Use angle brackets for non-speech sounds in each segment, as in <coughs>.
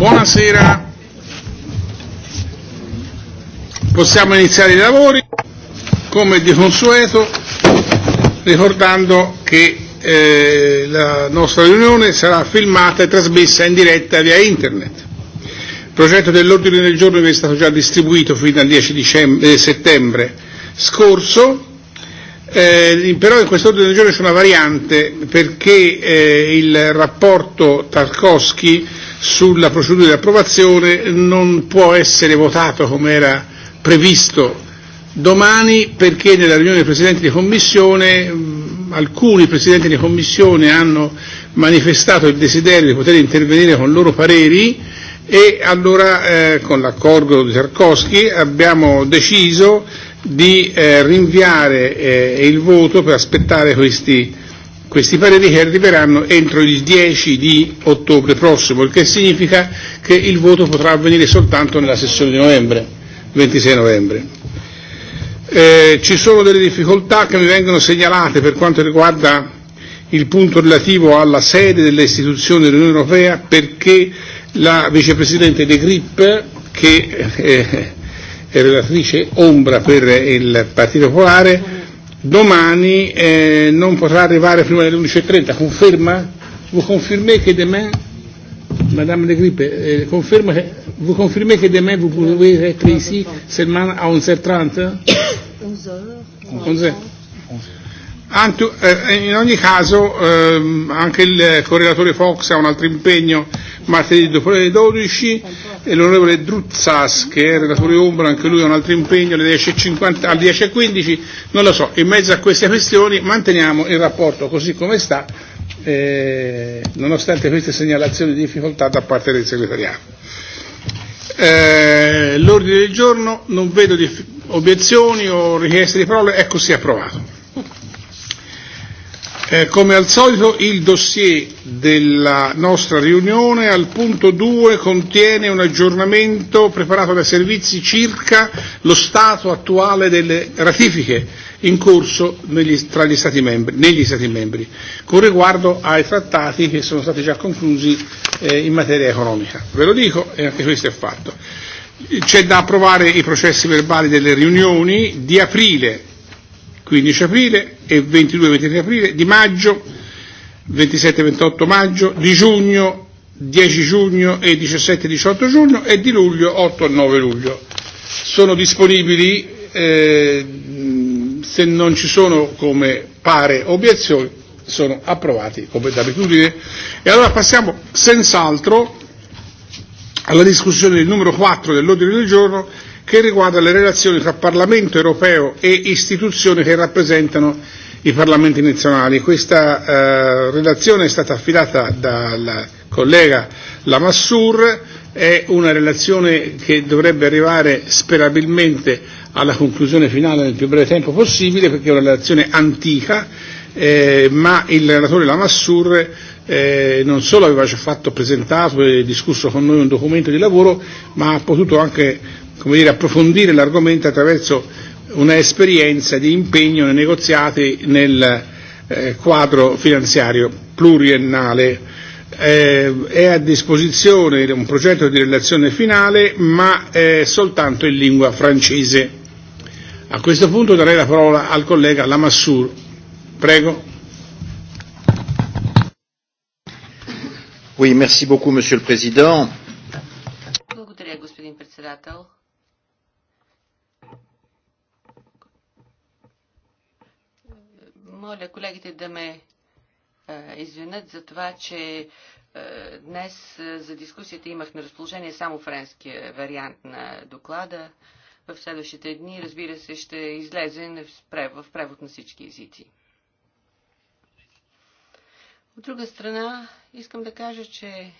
Buonasera. Possiamo iniziare i lavori come di consueto ricordando che eh, la nostra riunione sarà filmata e trasmessa in diretta via internet. Il progetto dell'ordine del giorno vi è stato già distribuito fino al 10 dicembre, eh, settembre scorso Eh, però in questo ordine del giorno c'è una variante perché eh, il rapporto Tarkovsky sulla procedura di approvazione non può essere votato come era previsto domani perché nella riunione dei Presidenti di Commissione mh, alcuni Presidenti di Commissione hanno manifestato il desiderio di poter intervenire con loro pareri e allora eh, con l'accordo di Tarkovsky abbiamo deciso di eh, rinviare eh, il voto per aspettare questi Questi pareri arriveranno entro il 10 di ottobre prossimo, il che significa che il voto potrà avvenire soltanto nella sessione di novembre, 26 novembre. Eh, ci sono delle difficoltà che mi vengono segnalate per quanto riguarda il punto relativo alla sede delle istituzioni dell'Unione Europea perché la vicepresidente De Grip, che eh, è relatrice ombra per il Partito Popolare, domani eh, non potrà arrivare prima delle 11.30, conferma? Vous confirmez che demain, Madame de Grippe, eh, conferma che, vous confirmez che demain vous pouvez être ici seulement à 11h30 11h. 11h. 11h. Antu, eh, eh, in ogni caso eh, anche il correlatore Fox ha un altro impegno martedì dopo le 12 e l'onorevole Druzzas che eh, è relatore Ombra anche lui ha un altro impegno alle 10.15 e alle 10 e non lo so, in mezzo a queste questioni manteniamo il rapporto così come sta eh, nonostante queste segnalazioni di difficoltà da parte del segretariato. Eh, l'ordine del giorno non vedo obiezioni o richieste di parole, è così approvato. Eh, come al solito il dossier della nostra riunione al punto 2 contiene un aggiornamento preparato dai servizi circa lo stato attuale delle ratifiche in corso negli, tra gli stati membri, negli Stati membri, con riguardo ai trattati che sono stati già conclusi eh, in materia economica. Ve lo dico e anche questo è fatto. C'è da approvare i processi verbali delle riunioni di aprile 15 aprile e 22-23 aprile, di maggio 27-28 maggio, di giugno 10 giugno e 17-18 giugno e di luglio 8-9 luglio. Sono disponibili, eh, se non ci sono come pare obiezioni, sono approvati come d'abitudine. E allora passiamo senz'altro alla discussione del numero 4 dell'ordine del giorno che riguarda le relazioni tra Parlamento europeo e istituzioni che rappresentano i Parlamenti nazionali. Questa eh, relazione è stata affidata dal collega Lamassur, è una relazione che dovrebbe arrivare sperabilmente alla conclusione finale nel più breve tempo possibile perché è una relazione antica, eh, ma il relatore Lamassur eh, non solo aveva già fatto presentato e discusso con noi un documento di lavoro, ma ha potuto anche come dire, approfondire l'argomento attraverso un'esperienza di impegno nei negoziati nel eh, quadro finanziario pluriennale. Eh, è a disposizione un progetto di relazione finale, ma è eh, soltanto in lingua francese. A questo punto darei la parola al collega Lamassur. Prego. Oui, merci beaucoup, Monsieur le Président. Благодаря, господин председател. моля колегите да ме извинят за това, че днес за дискусията имах на разположение само френския вариант на доклада. В следващите дни, разбира се, ще излезе в превод на всички езици. От друга страна, искам да кажа, че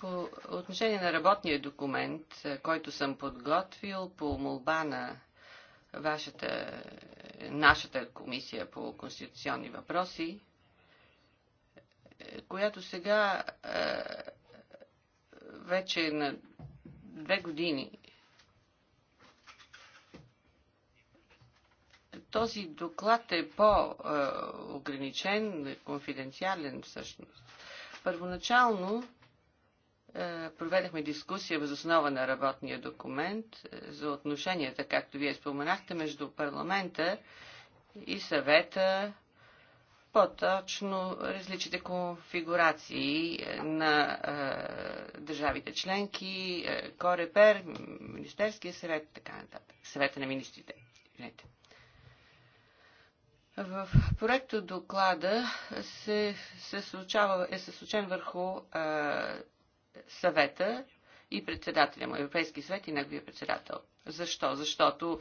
по отношение на работния документ, който съм подготвил по молба на вашата, нашата комисия по конституционни въпроси, която сега вече на две години този доклад е по-ограничен, конфиденциален всъщност. Първоначално проведохме дискусия въз основа на работния документ за отношенията, както вие споменахте, между парламента и съвета, по-точно различните конфигурации на е, държавите членки, е, Корепер, Министерския съвет, така нататък, съвета на министрите. Извинете. В проекто доклада се, се случава, е съсочен върху е, съвета и председателя му, Европейски съвет и неговия председател. Защо? Защото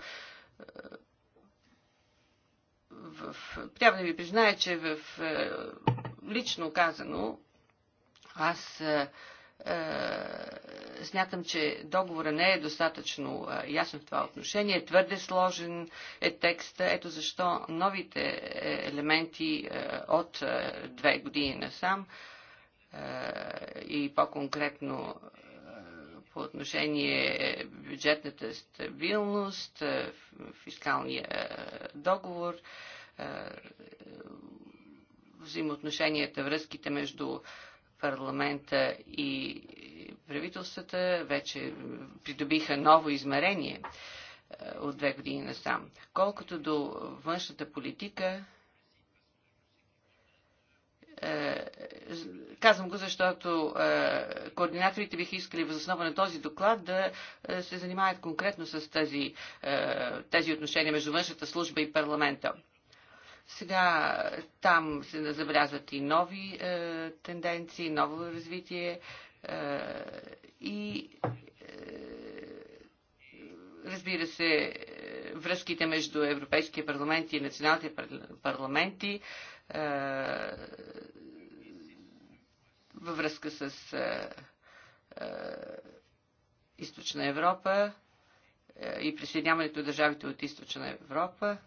в, трябва да ви призная, че в лично казано аз е, смятам, че договора не е достатъчно ясен в това отношение. твърде сложен е текст. Ето защо новите елементи от две години насам е, и по-конкретно по отношение бюджетната стабилност, фискалния договор, взаимоотношенията, връзките между парламента и правителствата вече придобиха ново измерение от две години насам. Колкото до външната политика, Казвам го, защото координаторите бих искали възоснова на този доклад да се занимават конкретно с тези, тези отношения между външната служба и парламента. Сега там се забелязват и нови тенденции, ново развитие и разбира се, връзките между Европейския парламент и националните парламенти е, във връзка с Източна Европа и присъединяването на държавите от Източна Европа.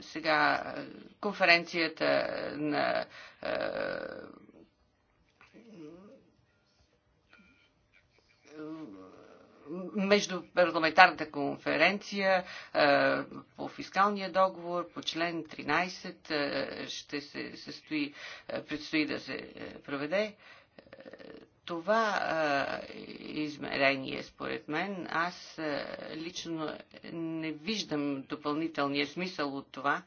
Сега конференцията на между парламентарната конференция по фискалния договор, по член 13 ще се състои, предстои да се проведе. Това измерение, според мен, аз лично не виждам допълнителния смисъл от това,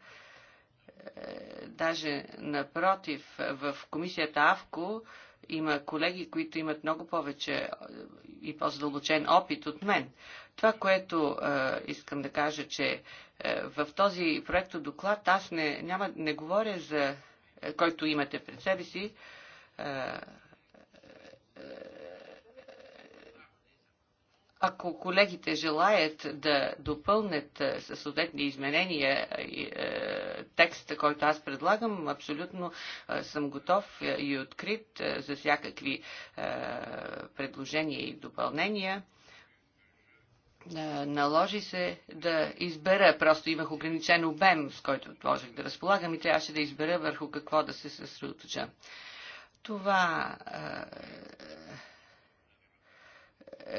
даже напротив, в комисията АВКО има колеги, които имат много повече и по-задълбочен опит от мен. Това, което е, искам да кажа, че е, в този проекто доклад аз не, няма, не говоря за, който имате пред себе си, е, Ако колегите желаят да допълнят със съответни изменения текста, който аз предлагам, абсолютно съм готов и открит за всякакви предложения и допълнения. Наложи се да избера, просто имах ограничен обем, с който можех да разполагам и трябваше да избера върху какво да се съсредоточа. Това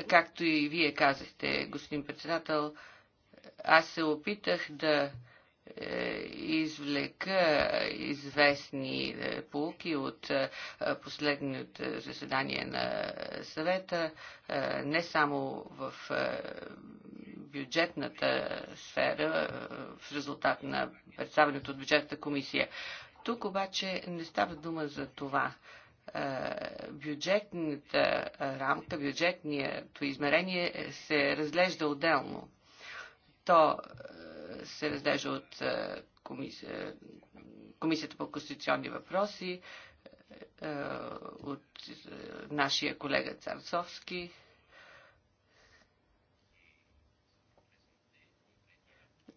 Както и вие казахте, господин председател, аз се опитах да извлека известни полуки от последното заседание на съвета, не само в бюджетната сфера, в резултат на представенето от бюджетната комисия. Тук обаче не става дума за това бюджетната рамка, бюджетното измерение се разглежда отделно. То се разглежда от комисия, Комисията по конституционни въпроси, от нашия колега Царцовски.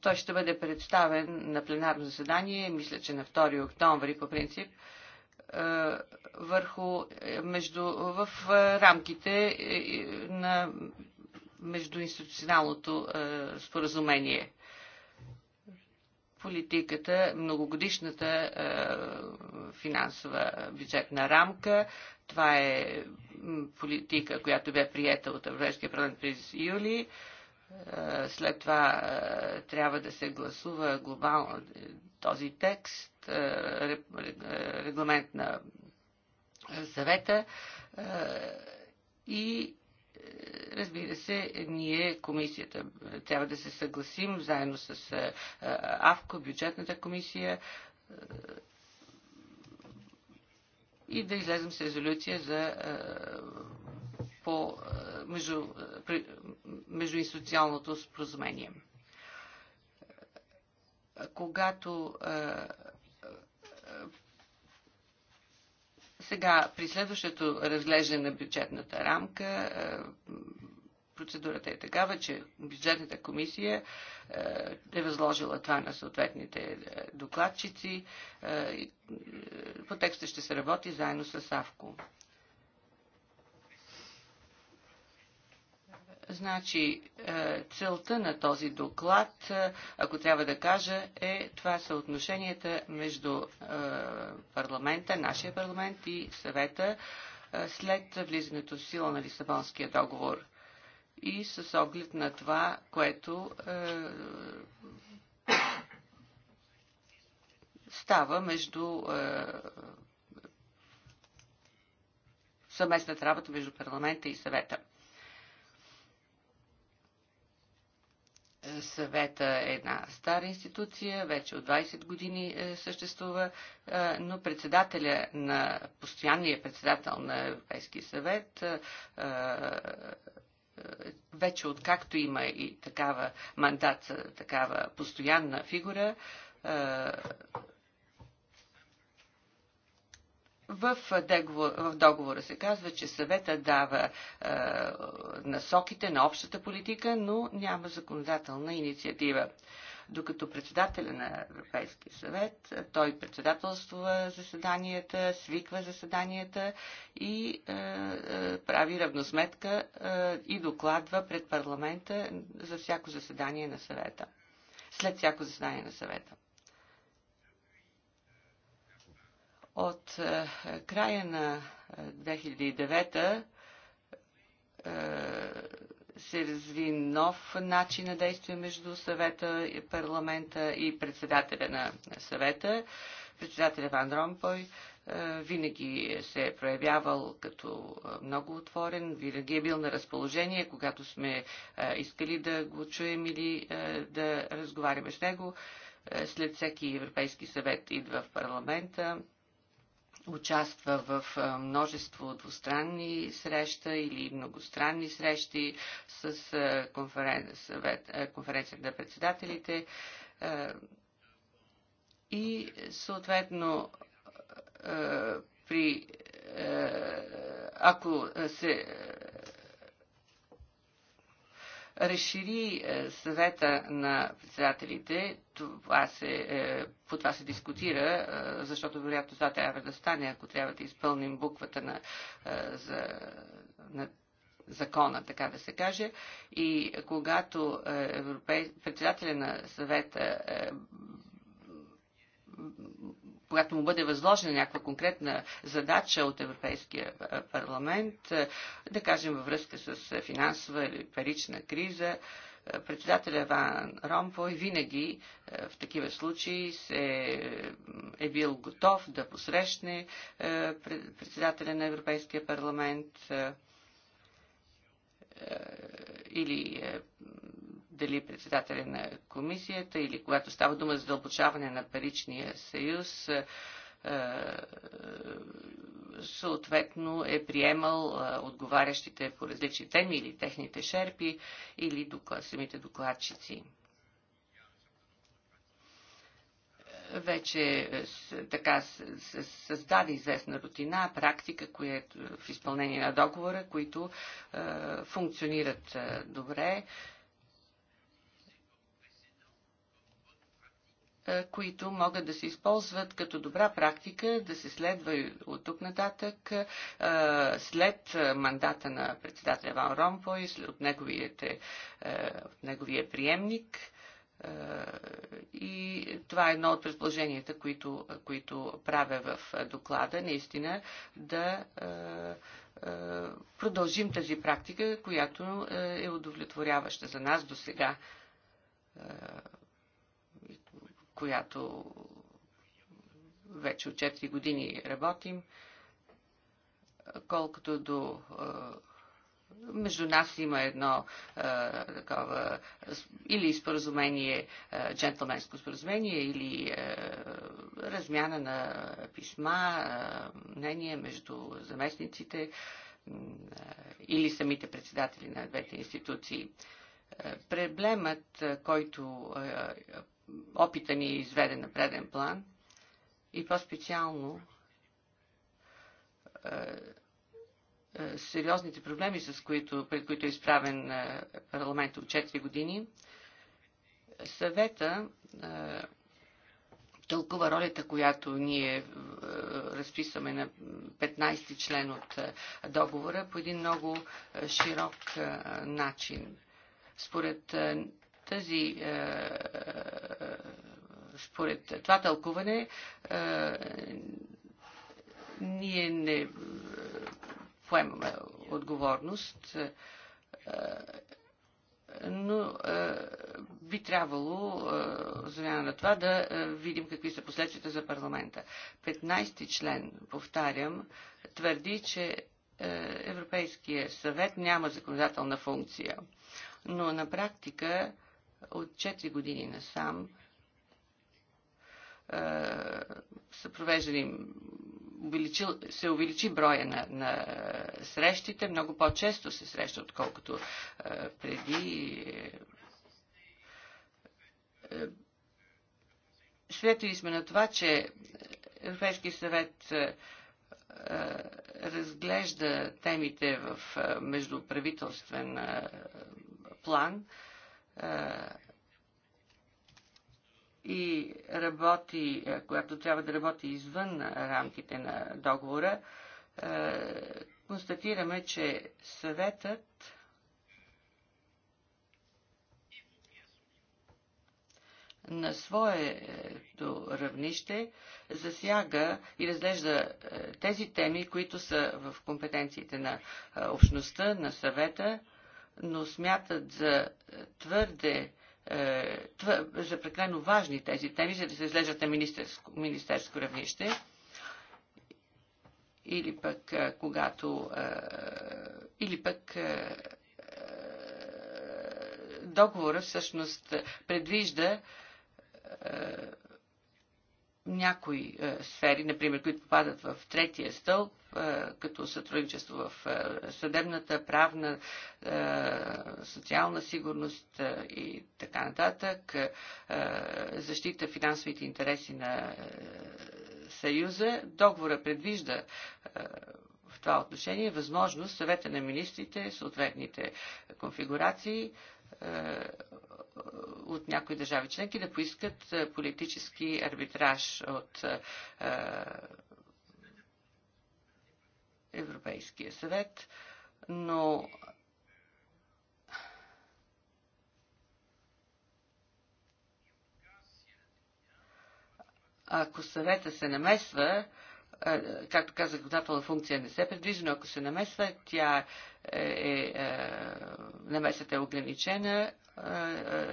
Той ще бъде представен на пленарно заседание, мисля, че на 2 октомври по принцип, върху между, в рамките на междуинституционалното споразумение. Политиката, многогодишната финансова бюджетна рамка, това е политика, която бе приета от Европейския парламент през юли. След това трябва да се гласува глобално този текст регламент на съвета и разбира се, ние, комисията, трябва да се съгласим заедно с АВКО, бюджетната комисия и да излезем с резолюция за по между, междуинституционалното споразумение. Когато Сега, при следващото разглеждане на бюджетната рамка, процедурата е такава, че бюджетната комисия е възложила това на съответните докладчици. По текста ще се работи заедно с АВКО. Значи, целта на този доклад, ако трябва да кажа, е това съотношенията между парламента, нашия парламент и съвета след влизането в сила на Лисабонския договор. И с оглед на това, което става между съместната работа между парламента и съвета. Съвета е една стара институция, вече от 20 години съществува, но председателя на постоянния председател на Европейския съвет вече откакто има и такава мандат, такава постоянна фигура, В, в договора се казва, че съвета дава е, насоките на общата политика, но няма законодателна инициатива. Докато председателя на Европейския съвет, той председателства заседанията, свиква заседанията и е, е, прави равносметка е, и докладва пред парламента за всяко заседание на съвета. След всяко заседание на съвета. От е, края на 2009 е, се разви нов начин на действие между съвета, и парламента и председателя на съвета. Председателя Ван Ромпой е, винаги се е проявявал като много отворен, винаги е бил на разположение, когато сме е, искали да го чуем или е, да разговаряме с него. След всеки Европейски съвет идва в парламента участва в множество двустранни среща или многостранни срещи с конферен... съвет... конференцията на председателите и съответно при ако се разшири съвета на председателите. Това се, по това се дискутира, защото вероятно това трябва да стане, ако трябва да изпълним буквата на, за, на закона, така да се каже. И когато европей... председателя на съвета когато му бъде възложена някаква конкретна задача от Европейския парламент, да кажем във връзка с финансова или парична криза, председателя Ван Ромпой винаги в такива случаи се е бил готов да посрещне председателя на Европейския парламент или дали председателя на комисията или когато става дума за дълбочаване на паричния съюз, съответно е приемал отговарящите по различни теми или техните шерпи или доклад, самите докладчици. вече така създаде известна рутина, практика, която в изпълнение на договора, които функционират е, добре. които могат да се използват като добра практика, да се следва от тук нататък след мандата на председателя Ван Ромпо и от, неговите, от неговия приемник. И това е едно от предположенията, които, които правя в доклада, наистина да продължим тази практика, която е удовлетворяваща за нас до сега която вече от 4 години работим. Колкото до между нас има едно а, такова или споразумение, а, джентлменско споразумение, или а, размяна на писма, а, мнение между заместниците а, или самите председатели на двете институции. Проблемът, който опита ми е изведен на преден план и по-специално сериозните проблеми, с които, пред които е изправен парламент от 4 години, съвета тълкува ролята, която ние разписваме на 15 член от договора по един много широк начин. Според тази според това тълкуване ние не поемаме отговорност, но би трябвало, замяна на това, да видим какви са последствията за парламента. 15 ти член, повтарям, твърди, че Европейския съвет няма законодателна функция. Но на практика от 4 години насам са провеждани увеличил, се увеличи броя на, на срещите, много по-често се среща, отколкото е, преди. Е, Свидетели сме на това, че Европейски съвет е, разглежда темите в междуправителствен план. Е, и работи, която трябва да работи извън рамките на договора, констатираме, че съветът на своето равнище засяга и разглежда тези теми, които са в компетенциите на общността, на съвета, но смятат за твърде за прекалено важни тези теми, за да се излежат на министерско, министерско равнище или пък когато или пък договора всъщност предвижда някои сфери, например, които попадат в третия стълб, като сътрудничество в съдебната, правна, социална сигурност и така нататък, защита финансовите интереси на Съюза. Договора предвижда в това отношение възможност съвета на министрите, съответните конфигурации от някои държави членки да поискат политически арбитраж от Европейския съвет, но ако съвета се намесва, както казах, законодателна функция не се предвижда, но ако се намесва, тя е, е, намесата е ограничена е,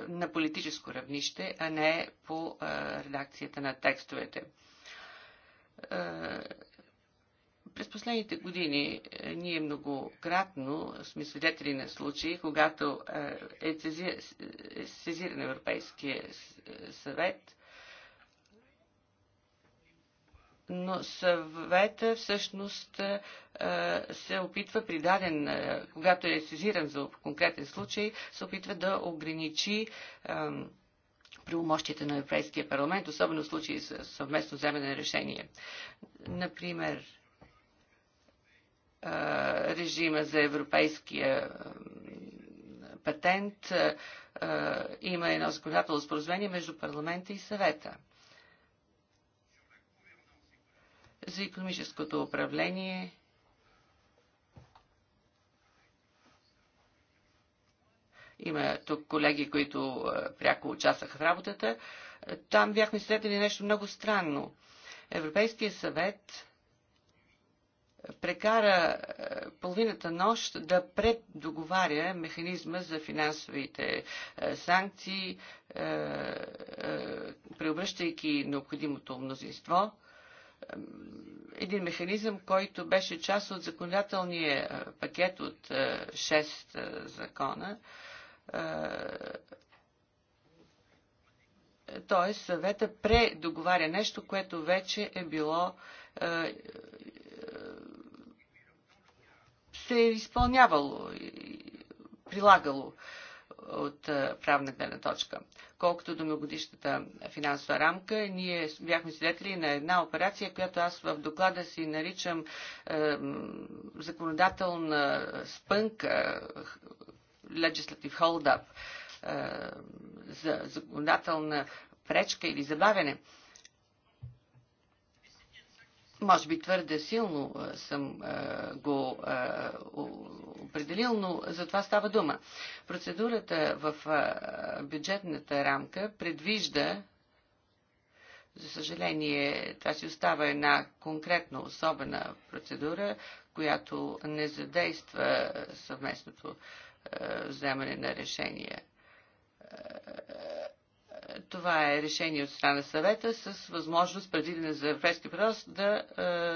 на политическо равнище, а не по е, редакцията на текстовете. Е, през последните години ние многократно сме свидетели на случаи, когато е сезиран Европейския съвет но съвета всъщност се опитва при даден, когато е сезиран за конкретен случай, се опитва да ограничи правомощията на Европейския парламент, особено в случаи с съвместно вземане на решение. Например, режима за европейския патент има едно законодателно споразумение между парламента и съвета – за економическото управление. Има тук колеги, които пряко участваха в работата. Там бяхме следили нещо много странно. Европейския съвет прекара половината нощ да преддоговаря механизма за финансовите санкции, преобръщайки необходимото мнозинство – един механизъм, който беше част от законодателния пакет от 6 закона. Т.е. съвета предоговаря нещо, което вече е било се е изпълнявало и прилагало от правна гледна точка. Колкото до многогодишната финансова рамка, ние бяхме свидетели на една операция, която аз в доклада си наричам е, законодателна спънка, legislative hold-up, е, за законодателна пречка или забавяне. Е, може би твърде силно съм го определил, но за това става дума. Процедурата в бюджетната рамка предвижда, за съжаление, това си остава една конкретно особена процедура, която не задейства съвместното вземане на решения Това е решение от страна съвета с възможност предвидена за европейски прост да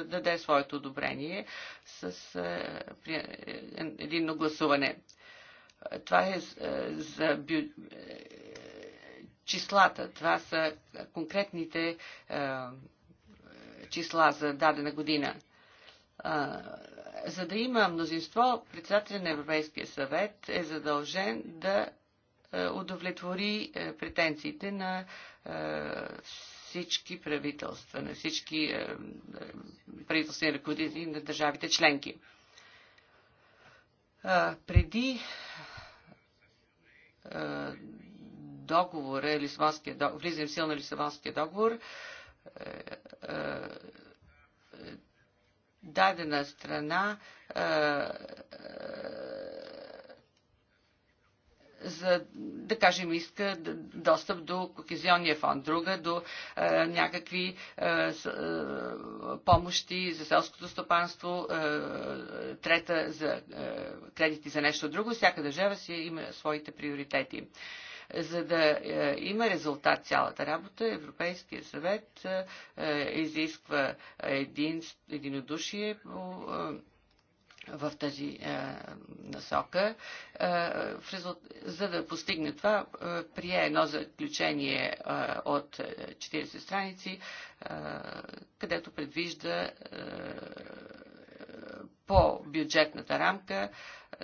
даде своето одобрение с единно гласуване. Това е за бю... числата. Това са конкретните числа за дадена година за да има мнозинство, председателя на Европейския съвет е задължен да удовлетвори претенциите на всички правителства, на всички правителствени ръководители на държавите членки. Преди договора, Лисабонския договор, влизане в сила на Лисабонския договор, дадена страна за, да кажем, иска достъп до кохезионния фонд, друга до е, някакви е, е, помощи за селското стопанство, е, трета за е, кредити за нещо друго. Всяка държава си има своите приоритети. За да е, има резултат цялата работа, Европейския съвет е, изисква един, единодушие по. Е, в тази е, насока. Е, в резулт... За да постигне това, е, прие едно заключение е, от 40 страници, е, където предвижда е, по бюджетната рамка, е,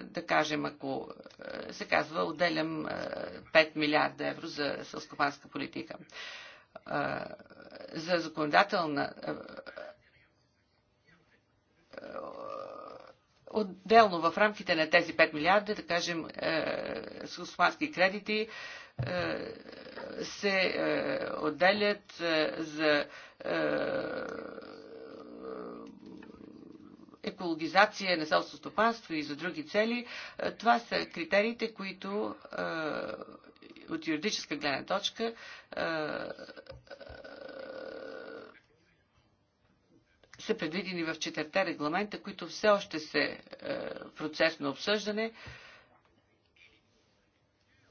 да кажем, ако е, се казва, отделям е, 5 милиарда евро за сълскопанска политика. Е, За законодателна Е, отделно в рамките на тези 5 милиарда, да кажем, с османски кредити се отделят за екологизация на селско стопанство и за други цели. Това са критериите, които от юридическа гледна точка са предвидени в четирте регламента, които все още се процес на обсъждане.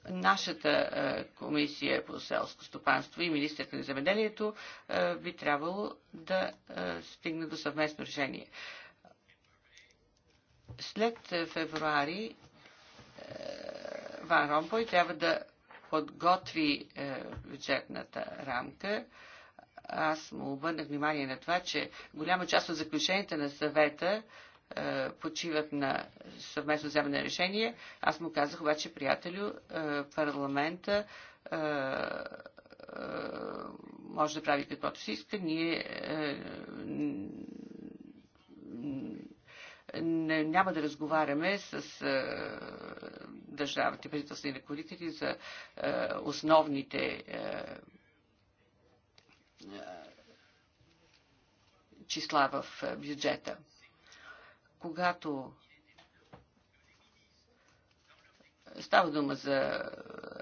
Нашата комисия по селско стопанство и министрите на земеделието би трябвало да стигне до съвместно решение. След февруари Ван Ромпой трябва да подготви бюджетната рамка аз му обърнах внимание на това, че голяма част от заключенията на съвета почиват на съвместно вземане на решение. Аз му казах обаче, приятелю, парламента може да прави каквото си иска. Ние няма да разговаряме с е, държавните правителствени ръководители за основните числа в бюджета. Когато става дума за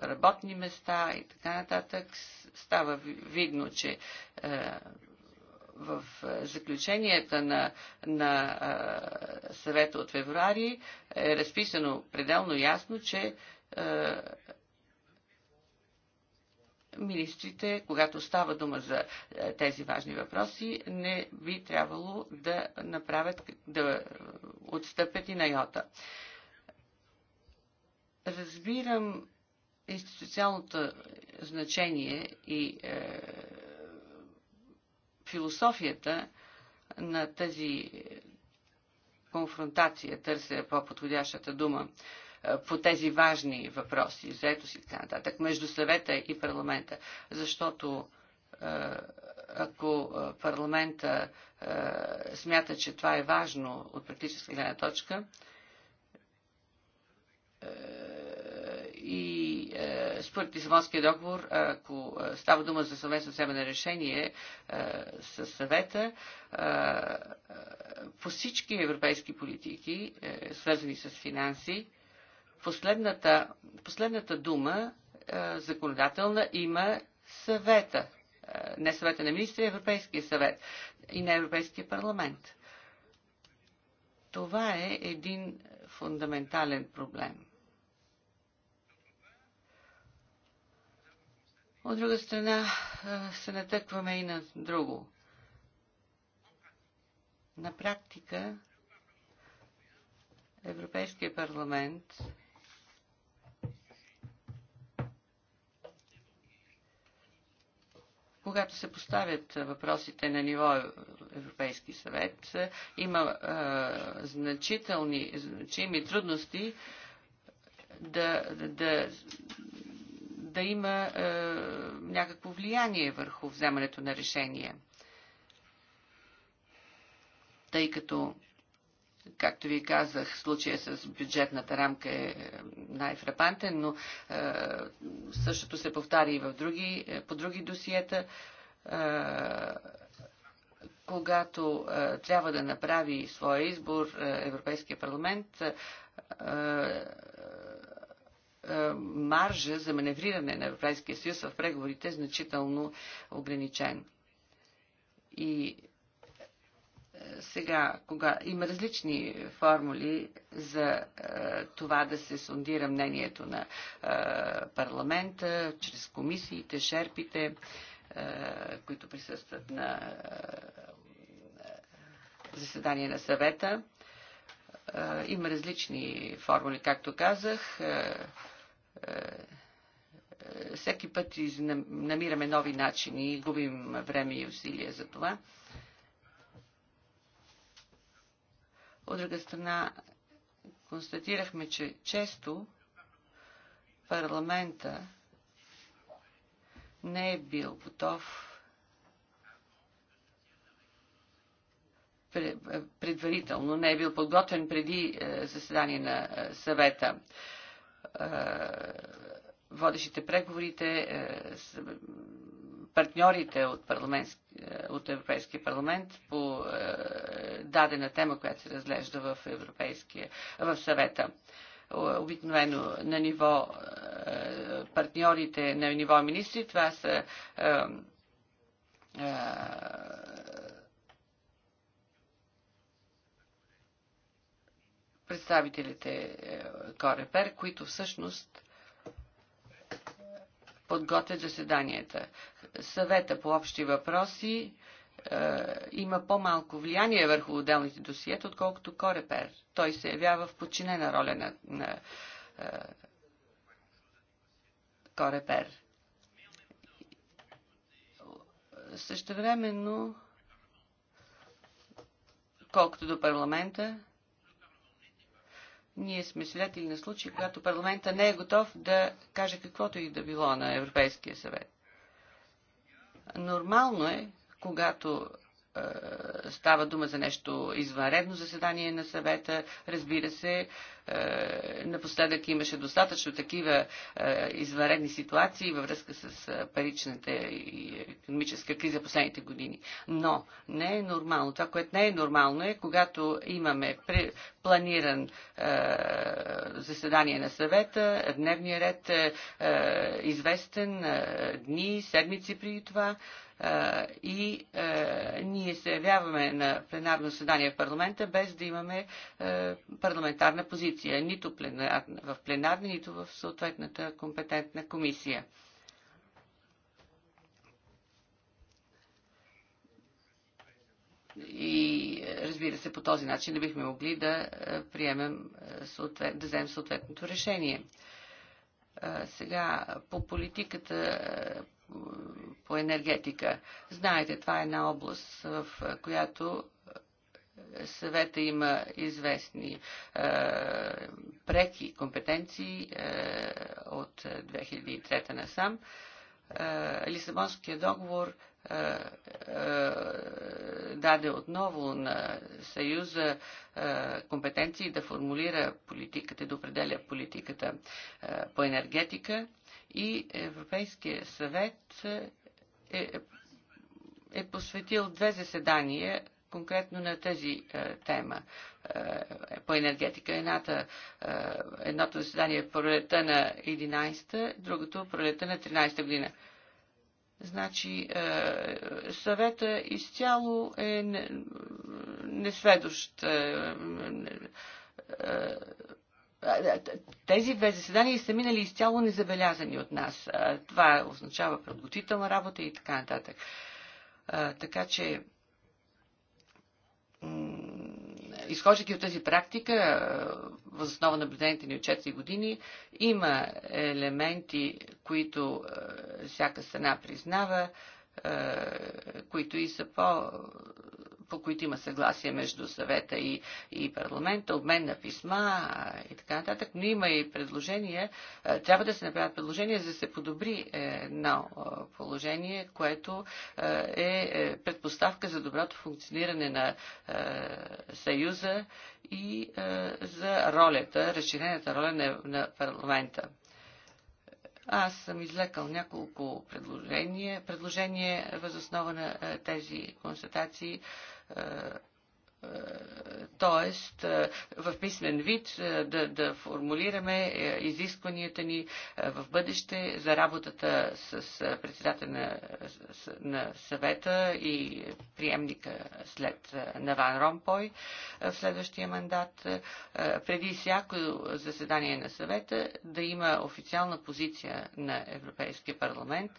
работни места и така нататък, става видно, че в заключенията на, на съвета от февруари е разписано пределно ясно, че министрите, когато става дума за тези важни въпроси, не би трябвало да направят, да отстъпят и на йота. Разбирам институционалното значение и е, философията на тази конфронтация, търся по-подходящата дума. Е, по тези важни въпроси, заето си и така нататък, между съвета и парламента. Защото ако парламента смята, че това е важно от практическа гледна точка, и според Лисабонския договор, ако става дума за съвместно вземане решение е, с съвета, по всички европейски политики, свързани с финанси, последната, последната дума е, законодателна има съвета. Е, не съвета на министри, а Европейския съвет и на Европейския парламент. Това е един фундаментален проблем. От друга страна се натъкваме и на друго. На практика Европейския парламент Когато се поставят въпросите на ниво Европейски съвет, има е, значителни, значими трудности да, да, да има е, някакво влияние върху вземането на решения. Тъй като Както ви казах, случая с бюджетната рамка е най-фрапантен, но е, същото се повтаря и в други, по други досиета. Е, когато е, трябва да направи своя избор е, Европейския парламент, е, маржа за маневриране на Европейския съюз в преговорите е значително ограничен. И Сега, кога има различни формули за е, това да се сондира мнението на е, парламента, чрез комисиите, шерпите, е, които присъстват на е, заседание на съвета. Е, има различни формули, както казах. Е, всеки път намираме нови начини и губим време и усилия за това. От друга страна, констатирахме, че често парламента не е бил готов предварително, не е бил подготвен преди заседание на съвета. Водещите преговорите партньорите от, от Европейския парламент по е, дадена тема, която се разглежда в, Европейския, в съвета обикновено на ниво е, партньорите на ниво министри. Това са е, е, представителите Корепер, които всъщност подготвят заседанията. Съвета по общи въпроси е, има по-малко влияние върху отделните досиета, отколкото Корепер. Той се явява в подчинена роля на, на е, Корепер. Същевременно, колкото до парламента, Ние сме свидетели на случаи, когато парламента не е готов да каже каквото и да било на Европейския съвет. Нормално е, когато става дума за нещо извънредно заседание на съвета. Разбира се, напоследък имаше достатъчно такива извънредни ситуации във връзка с паричната и економическа криза последните години. Но не е нормално. Това, което не е нормално е, когато имаме планиран заседание на съвета, дневния ред известен, дни, седмици при това, и ние се явяваме на пленарно заседание в парламента без да имаме парламентарна позиция, нито в пленарна, нито в съответната компетентна комисия. и разбира се, по този начин не бихме могли да приемем, да вземем съответното решение. Сега по политиката по енергетика. Знаете, това е една област, в която съвета има известни е, преки компетенции е, от 2003 насам. Е, Лисабонския договор даде отново на Съюза компетенции да формулира политиката, да определя политиката по енергетика и Европейския съвет е, е посветил две заседания конкретно на тази е, тема е, по енергетика. Едната, е, едното заседание е пролета на 11-та, другото пролета на 13-та година. Значи, е, съвета изцяло е несведощ. Не, е, тези две заседания са минали изцяло незабелязани от нас. Това означава подготвителна работа и така нататък. Така че, изхождайки от тази практика, въз основа на наблюдените ни от 4 години, има елементи, които всяка страна признава, които и са по по които има съгласие между съвета и, и парламента, обмен на писма и така нататък, но има и предложения, трябва да се направят предложения, за да се подобри едно положение, което е предпоставка за доброто функциониране на Съюза и за ролята, разширената роля на, парламента. Аз съм излекал няколко предложения, предложения възоснова на тези констатации. Тоест, в писмен вид да, да формулираме изискванията ни в бъдеще за работата с председателя на, на съвета и приемника след Наван Ромпой в следващия мандат. Преди всяко заседание на съвета да има официална позиция на Европейския парламент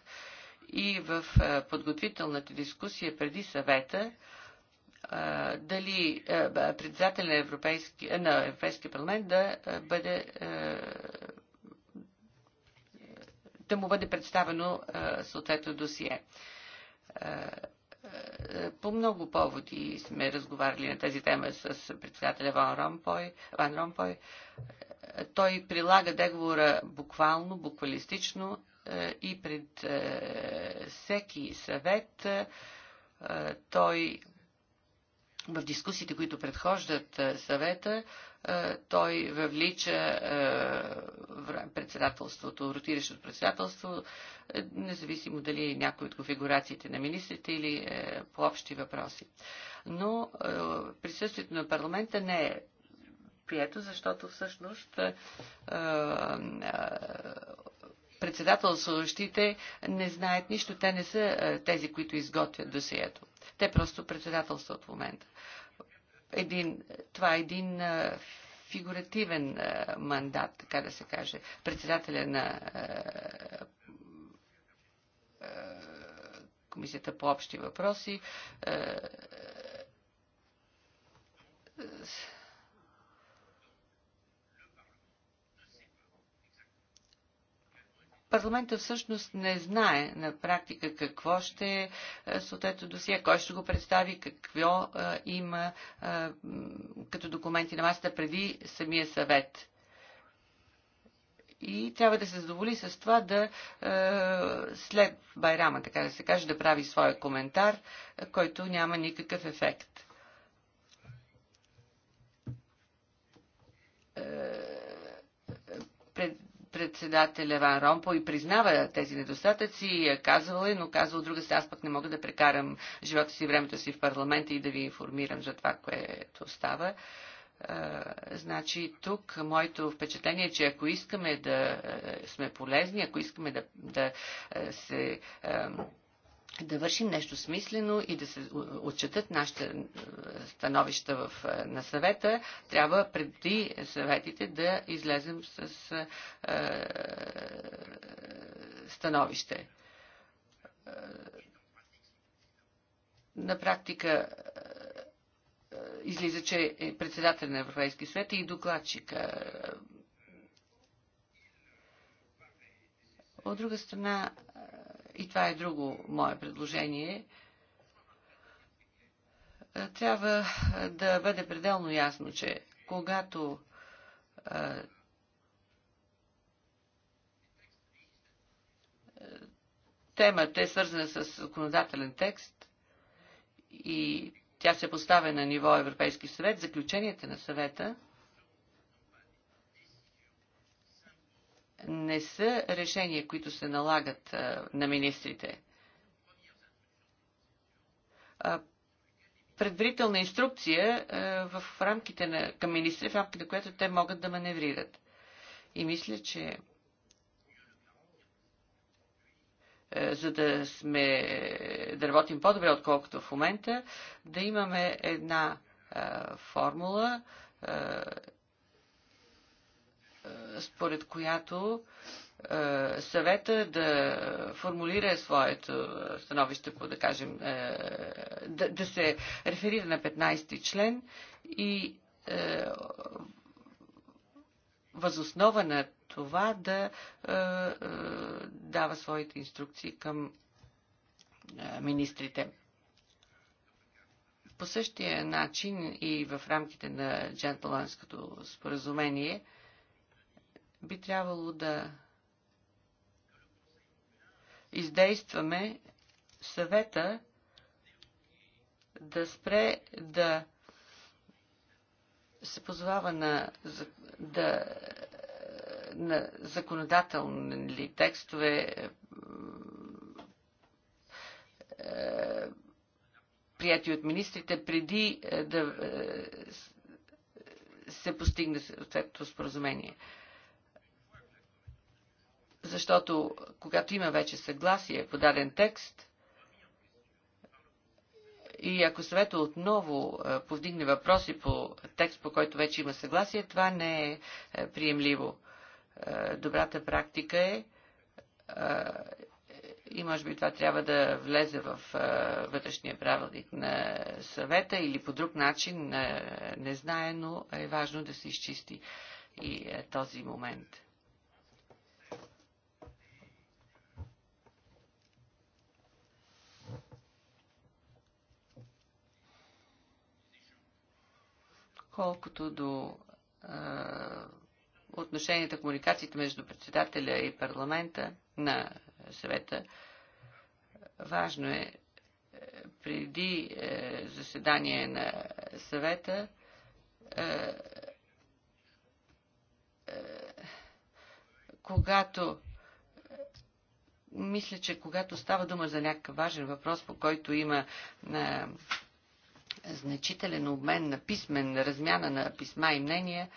и в подготвителната дискусия преди съвета дали председател на Европейски, на Европейски парламент да бъде да му бъде представено съответно досие. По много поводи сме разговаряли на тази тема с председателя Ван Ромпой. Ван Ромпой. Той прилага договора буквално, буквалистично и пред всеки съвет той в дискусиите, които предхождат съвета, той въвлича председателството, ротиращото председателство, независимо дали е някой от конфигурациите на министрите или по общи въпроси. Но присъствието на парламента не е прието, защото всъщност председателстващите не знаят нищо. Те не са тези, които изготвят досието. Те просто председателстват в момента. Един, това е един фигуративен мандат, така да се каже. Председателя на Комисията по общи въпроси парламента всъщност не знае на практика какво ще е съответно досия, кой ще го представи, какво е, има е, като документи на масата преди самия съвет. И трябва да се задоволи с това да е, след Байрама, така да се каже, да прави своя коментар, който няма никакъв ефект. Пред председателя Ван Ромпо и признава тези недостатъци, казвал е, но казва от друга страна, аз пък не мога да прекарам живота си времето си в парламента и да ви информирам за това, което става. Значи тук моето впечатление е, че ако искаме да сме полезни, ако искаме да, да се да вършим нещо смислено и да се отчетат нашите становища в, на съвета, трябва преди съветите да излезем с е, становище. На практика излиза, че председател на Европейски съвет и докладчик. От друга страна, и това е друго мое предложение, трябва да бъде пределно ясно, че когато темата е свързана с законодателен текст и тя се поставя на ниво Европейски съвет, заключенията на съвета – не са решения, които се налагат на министрите. Предварителна инструкция в рамките на, към министри, в рамките на която те могат да маневрират. И мисля, че за да сме да работим по-добре, отколкото в момента, да имаме една а, формула, според която съвета да формулира своето становище по, да кажем, да, да се реферира на 15-ти член и възоснова на това да дава своите инструкции към министрите. По същия начин и в рамките на джентлманското споразумение – Би трябвало да издействаме съвета да спре да се позовава на, да, на законодателни текстове, прияти от министрите, преди да се постигне съответното споразумение защото когато има вече съгласие по даден текст, и ако съвета отново повдигне въпроси по текст, по който вече има съгласие, това не е приемливо. Добрата практика е и може би това трябва да влезе в вътрешния правилник на съвета или по друг начин, не знае, но е важно да се изчисти и този момент. Колкото до е, отношенията, комуникациите между председателя и парламента на съвета, важно е преди е, заседание на съвета е, е, когато мисля, че когато става дума за някакъв важен въпрос, по който има е, значителен обмен на писмен, размяна на писма и мнения,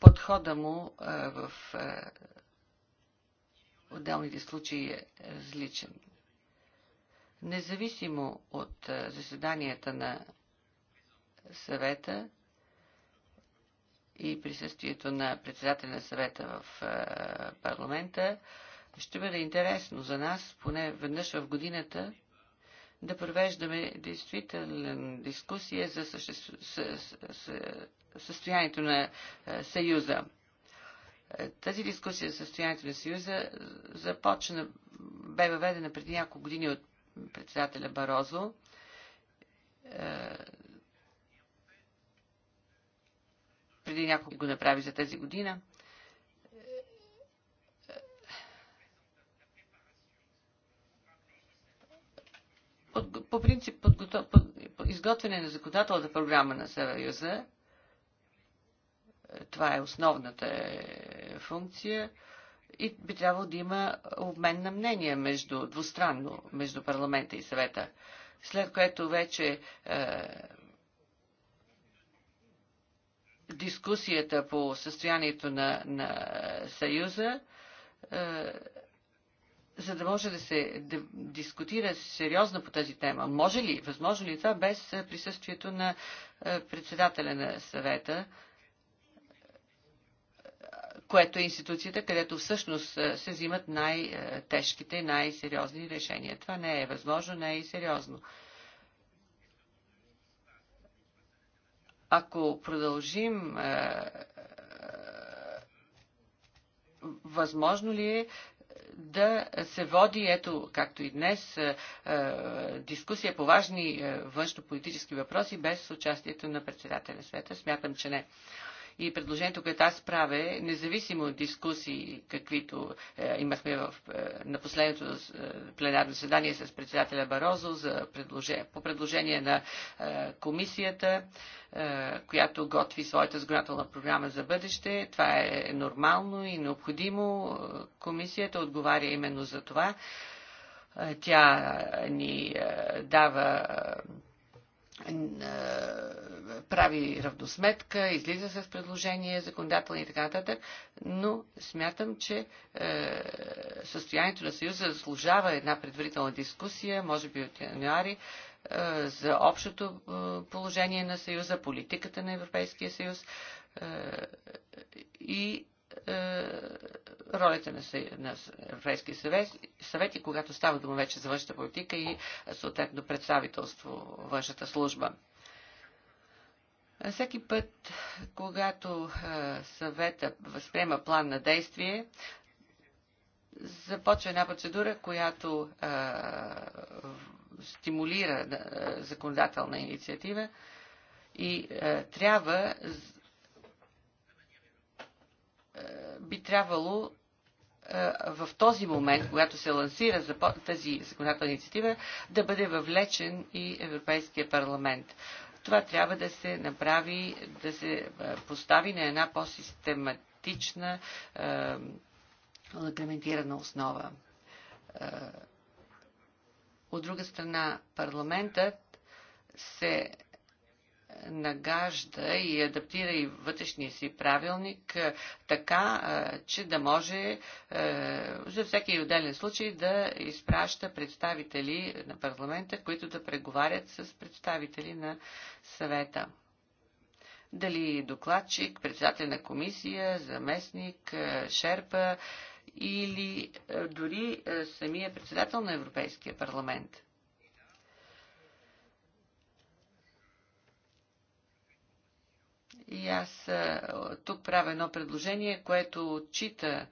подхода му в отделните случаи е различен. Независимо от заседанията на съвета, и присъствието на председателя на съвета в парламента, ще бъде интересно за нас, поне веднъж в годината, да провеждаме действителна дискусия за състоянието на Съюза. Тази дискусия за състоянието на Съюза започна, бе въведена преди няколко години от председателя Барозо преди няколко го направи за тази година. Под, по принцип, подготов, под, изготвяне на законодателната програма на Съюза, това е основната функция, и би трябвало да има обмен на мнения между, двустранно между парламента и съвета, след което вече е, дискусията по състоянието на, на Съюза, за да може да се дискутира сериозно по тази тема. Може ли, възможно ли това без присъствието на председателя на съвета, което е институцията, където всъщност се взимат най-тежките, най-сериозни решения. Това не е възможно, не е и сериозно. Ако продължим, възможно ли е да се води, ето, както и днес, дискусия по важни външно-политически въпроси без участието на председателя света? Смятам, че не и предложението, което аз правя, независимо от дискусии, каквито е, имахме в, е, на последното е, пленарно заседание с председателя Барозо за предложение, по предложение на е, комисията, е, която готви своята сгонателна програма за бъдеще. Това е нормално и необходимо. Комисията отговаря именно за това. Тя ни дава прави равносметка, излиза с предложение, законодателни и така нататък, но смятам, че е, състоянието на Съюза заслужава една предварителна дискусия, може би от януари, е, за общото е, положение на Съюза, политиката на Европейския съюз е, и ролята на, на Европейския съвет, съвет и когато става дума вече за външната политика и съответно представителство външната служба. Всеки път, когато съвета възприема план на действие, започва една процедура, която стимулира законодателна инициатива и трябва би трябвало в този момент, когато се лансира за тази законодателна инициатива, да бъде въвлечен и Европейския парламент. Това трябва да се направи, да се постави на една по-систематична, регламентирана основа. От друга страна, парламентът се нагажда и адаптира и вътрешния си правилник така, че да може за всеки отделен случай да изпраща представители на парламента, които да преговарят с представители на съвета. Дали докладчик, председател на комисия, заместник, шерпа или дори самия председател на Европейския парламент – И аз тук правя едно предложение, което отчита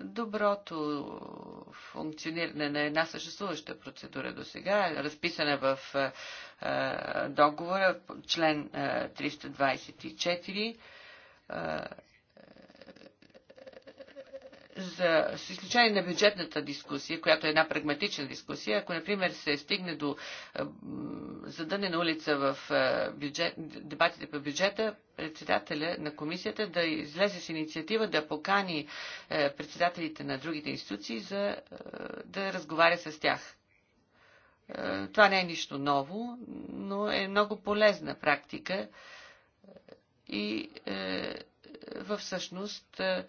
доброто функциониране на една съществуваща процедура до сега, разписана в договора, член 324 за, с изключение на бюджетната дискусия, която е една прагматична дискусия, ако, например, се стигне до задънена улица в бюджет, дебатите по бюджета, председателя на комисията да излезе с инициатива да покани председателите на другите институции за да разговаря с тях. Това не е нищо ново, но е много полезна практика и е, в Е,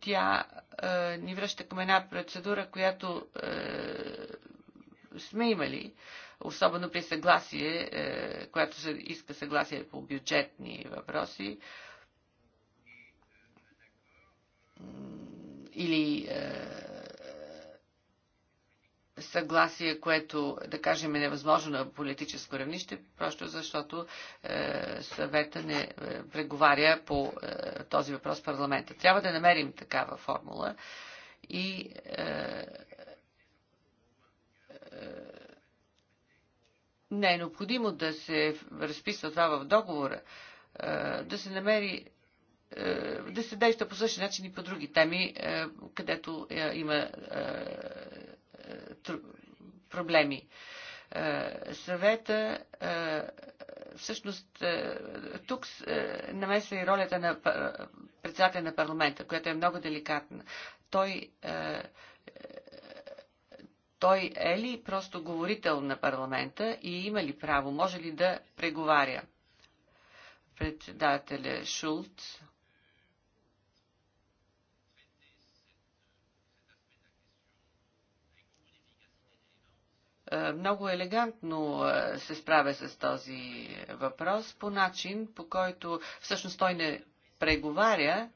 Тя е, ни връща към една процедура, която е, сме имали, особено при съгласие, е, която се иска съгласие по бюджетни въпроси или е, съгласие, което, да кажем, е невъзможно на политическо равнище, просто защото е, съвета не е, преговаря по е, този въпрос в парламента. Трябва да намерим такава формула и е, е, не е необходимо да се разписва това в договора, е, да се намери да се действа по същия начин и по други теми, където има проблеми. Съвета всъщност тук намесва и ролята на председателя на парламента, която е много деликатна. Той той е ли просто говорител на парламента и има ли право, може ли да преговаря? Председателя Шулц много елегантно се справя с този въпрос по начин, по който всъщност той не преговаря,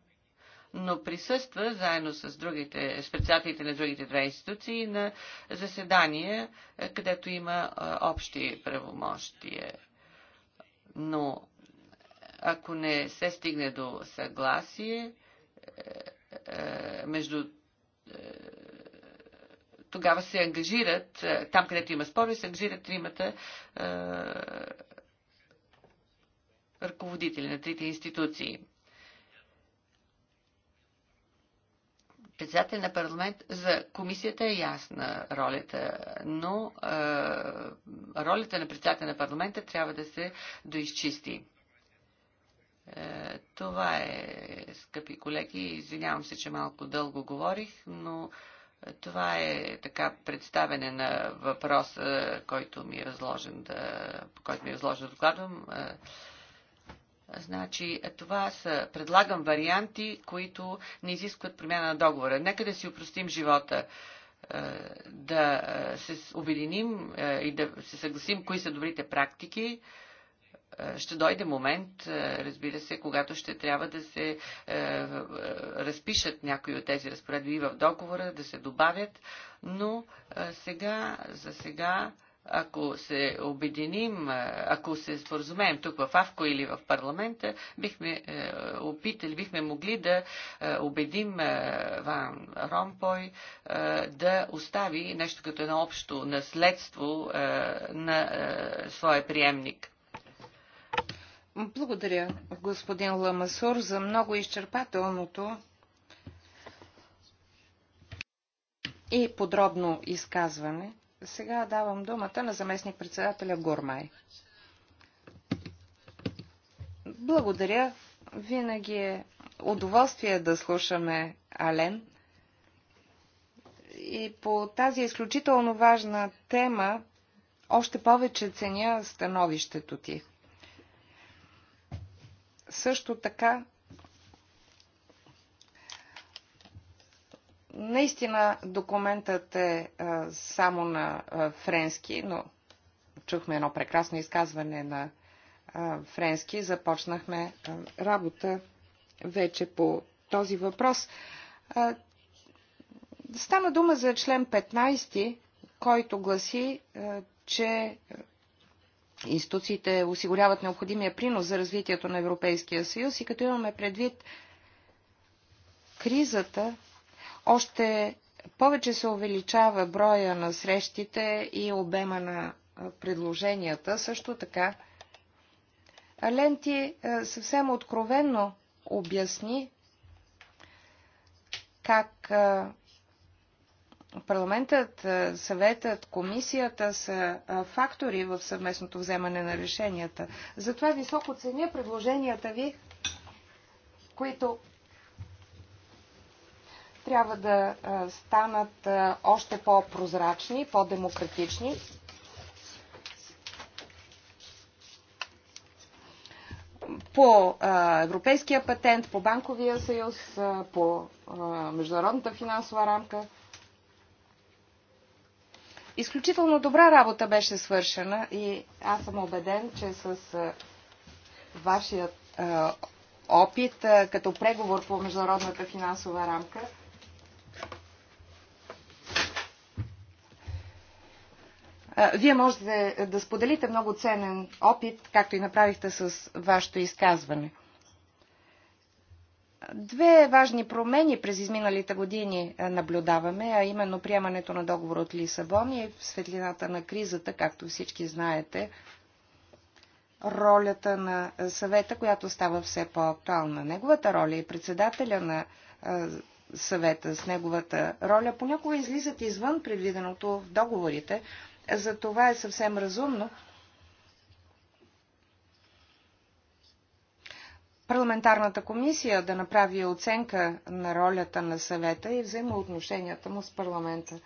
но присъства заедно с, другите, с председателите на другите две институции на заседания, където има общи правомощия. Но ако не се стигне до съгласие между тогава се ангажират, там където има спори, се ангажират тримата е, ръководители на трите институции. председател на парламент за комисията е ясна ролята, но е, ролята на председател на парламента трябва да се доизчисти. Е, това е, скъпи колеги, извинявам се, че малко дълго говорих, но е, Това е така представене на въпрос, който ми е разложен да, по който ми е разложен да докладвам. Значи, това са, предлагам варианти, които не изискват промяна на договора. Нека да си упростим живота, да се обединим и да се съгласим кои са добрите практики, ще дойде момент, разбира се, когато ще трябва да се разпишат някои от тези разпоредби в договора, да се добавят, но сега, за сега ако се обединим, ако се споразумеем тук в АВКО или в парламента, бихме опитали, бихме могли да убедим Ван Ромпой да остави нещо като едно общо наследство на своя приемник. Благодаря, господин Ламасур, за много изчерпателното и подробно изказване. Сега давам думата на заместник-председателя Гормай. Благодаря. Винаги е удоволствие да слушаме Ален. И по тази изключително важна тема още повече ценя становището ти също така Наистина документът е а, само на а, френски, но чухме едно прекрасно изказване на а, френски. Започнахме а, работа вече по този въпрос. А, стана дума за член 15, който гласи, а, че институциите осигуряват необходимия принос за развитието на Европейския съюз и като имаме предвид кризата, още повече се увеличава броя на срещите и обема на предложенията. Също така, Ленти съвсем откровенно обясни как Парламентът, съветът, комисията са фактори в съвместното вземане на решенията. Затова високо ценя предложенията ви, които трябва да станат още по-прозрачни, по-демократични. По Европейския патент, по Банковия съюз, по Международната финансова рамка – Изключително добра работа беше свършена и аз съм убеден, че с вашият опит като преговор по международната финансова рамка, Вие можете да споделите много ценен опит, както и направихте с вашето изказване. Две важни промени през изминалите години наблюдаваме, а именно приемането на договор от Лисабон и в светлината на кризата, както всички знаете, ролята на съвета, която става все по-актуална. Неговата роля и председателя на съвета с неговата роля понякога излизат извън предвиденото в договорите. За това е съвсем разумно парламентарната комисия да направи оценка на ролята на съвета и взаимоотношенията му с парламента.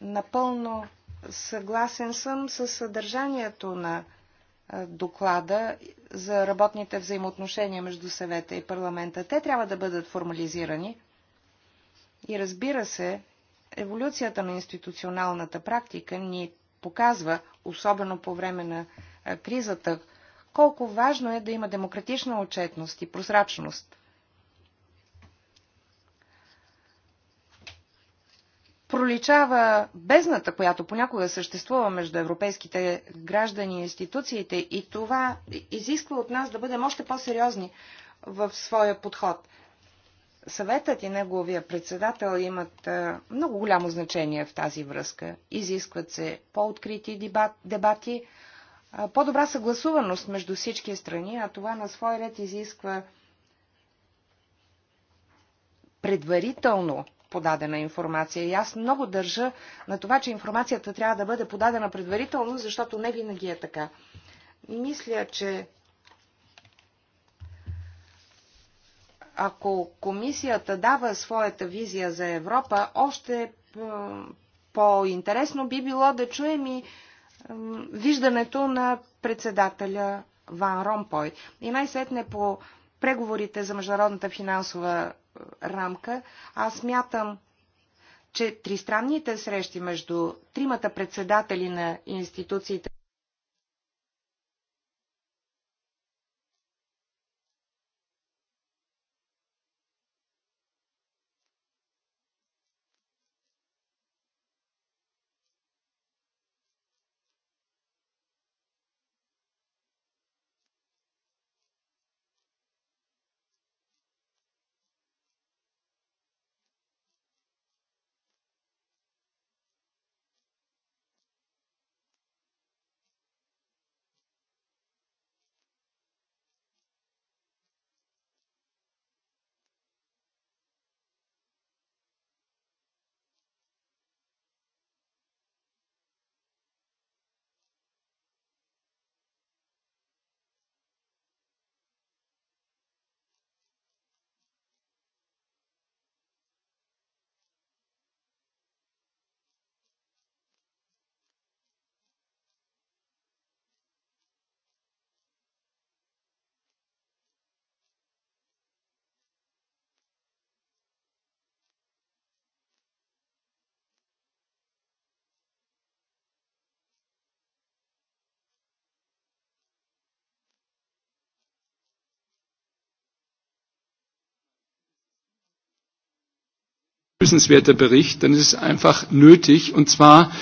Напълно съгласен съм с съдържанието на доклада за работните взаимоотношения между съвета и парламента. Те трябва да бъдат формализирани. И разбира се, еволюцията на институционалната практика ни показва, особено по време на кризата, колко важно е да има демократична отчетност и прозрачност. Проличава бездната, която понякога съществува между европейските граждани и институциите и това изисква от нас да бъдем още по-сериозни в своя подход. Съветът и неговия председател имат много голямо значение в тази връзка. Изискват се по-открити дебати, по-добра съгласуваност между всички страни, а това на свой ред изисква предварително подадена информация. И аз много държа на това, че информацията трябва да бъде подадена предварително, защото не винаги е така. Мисля, че ако комисията дава своята визия за Европа, още по-интересно би било да чуем и виждането на председателя Ван Ромпой. И най-сетне по преговорите за международната финансова рамка, аз мятам, че тристранните срещи между тримата председатели на институциите begrüßenswerter Bericht, denn es ist einfach nötig und zwar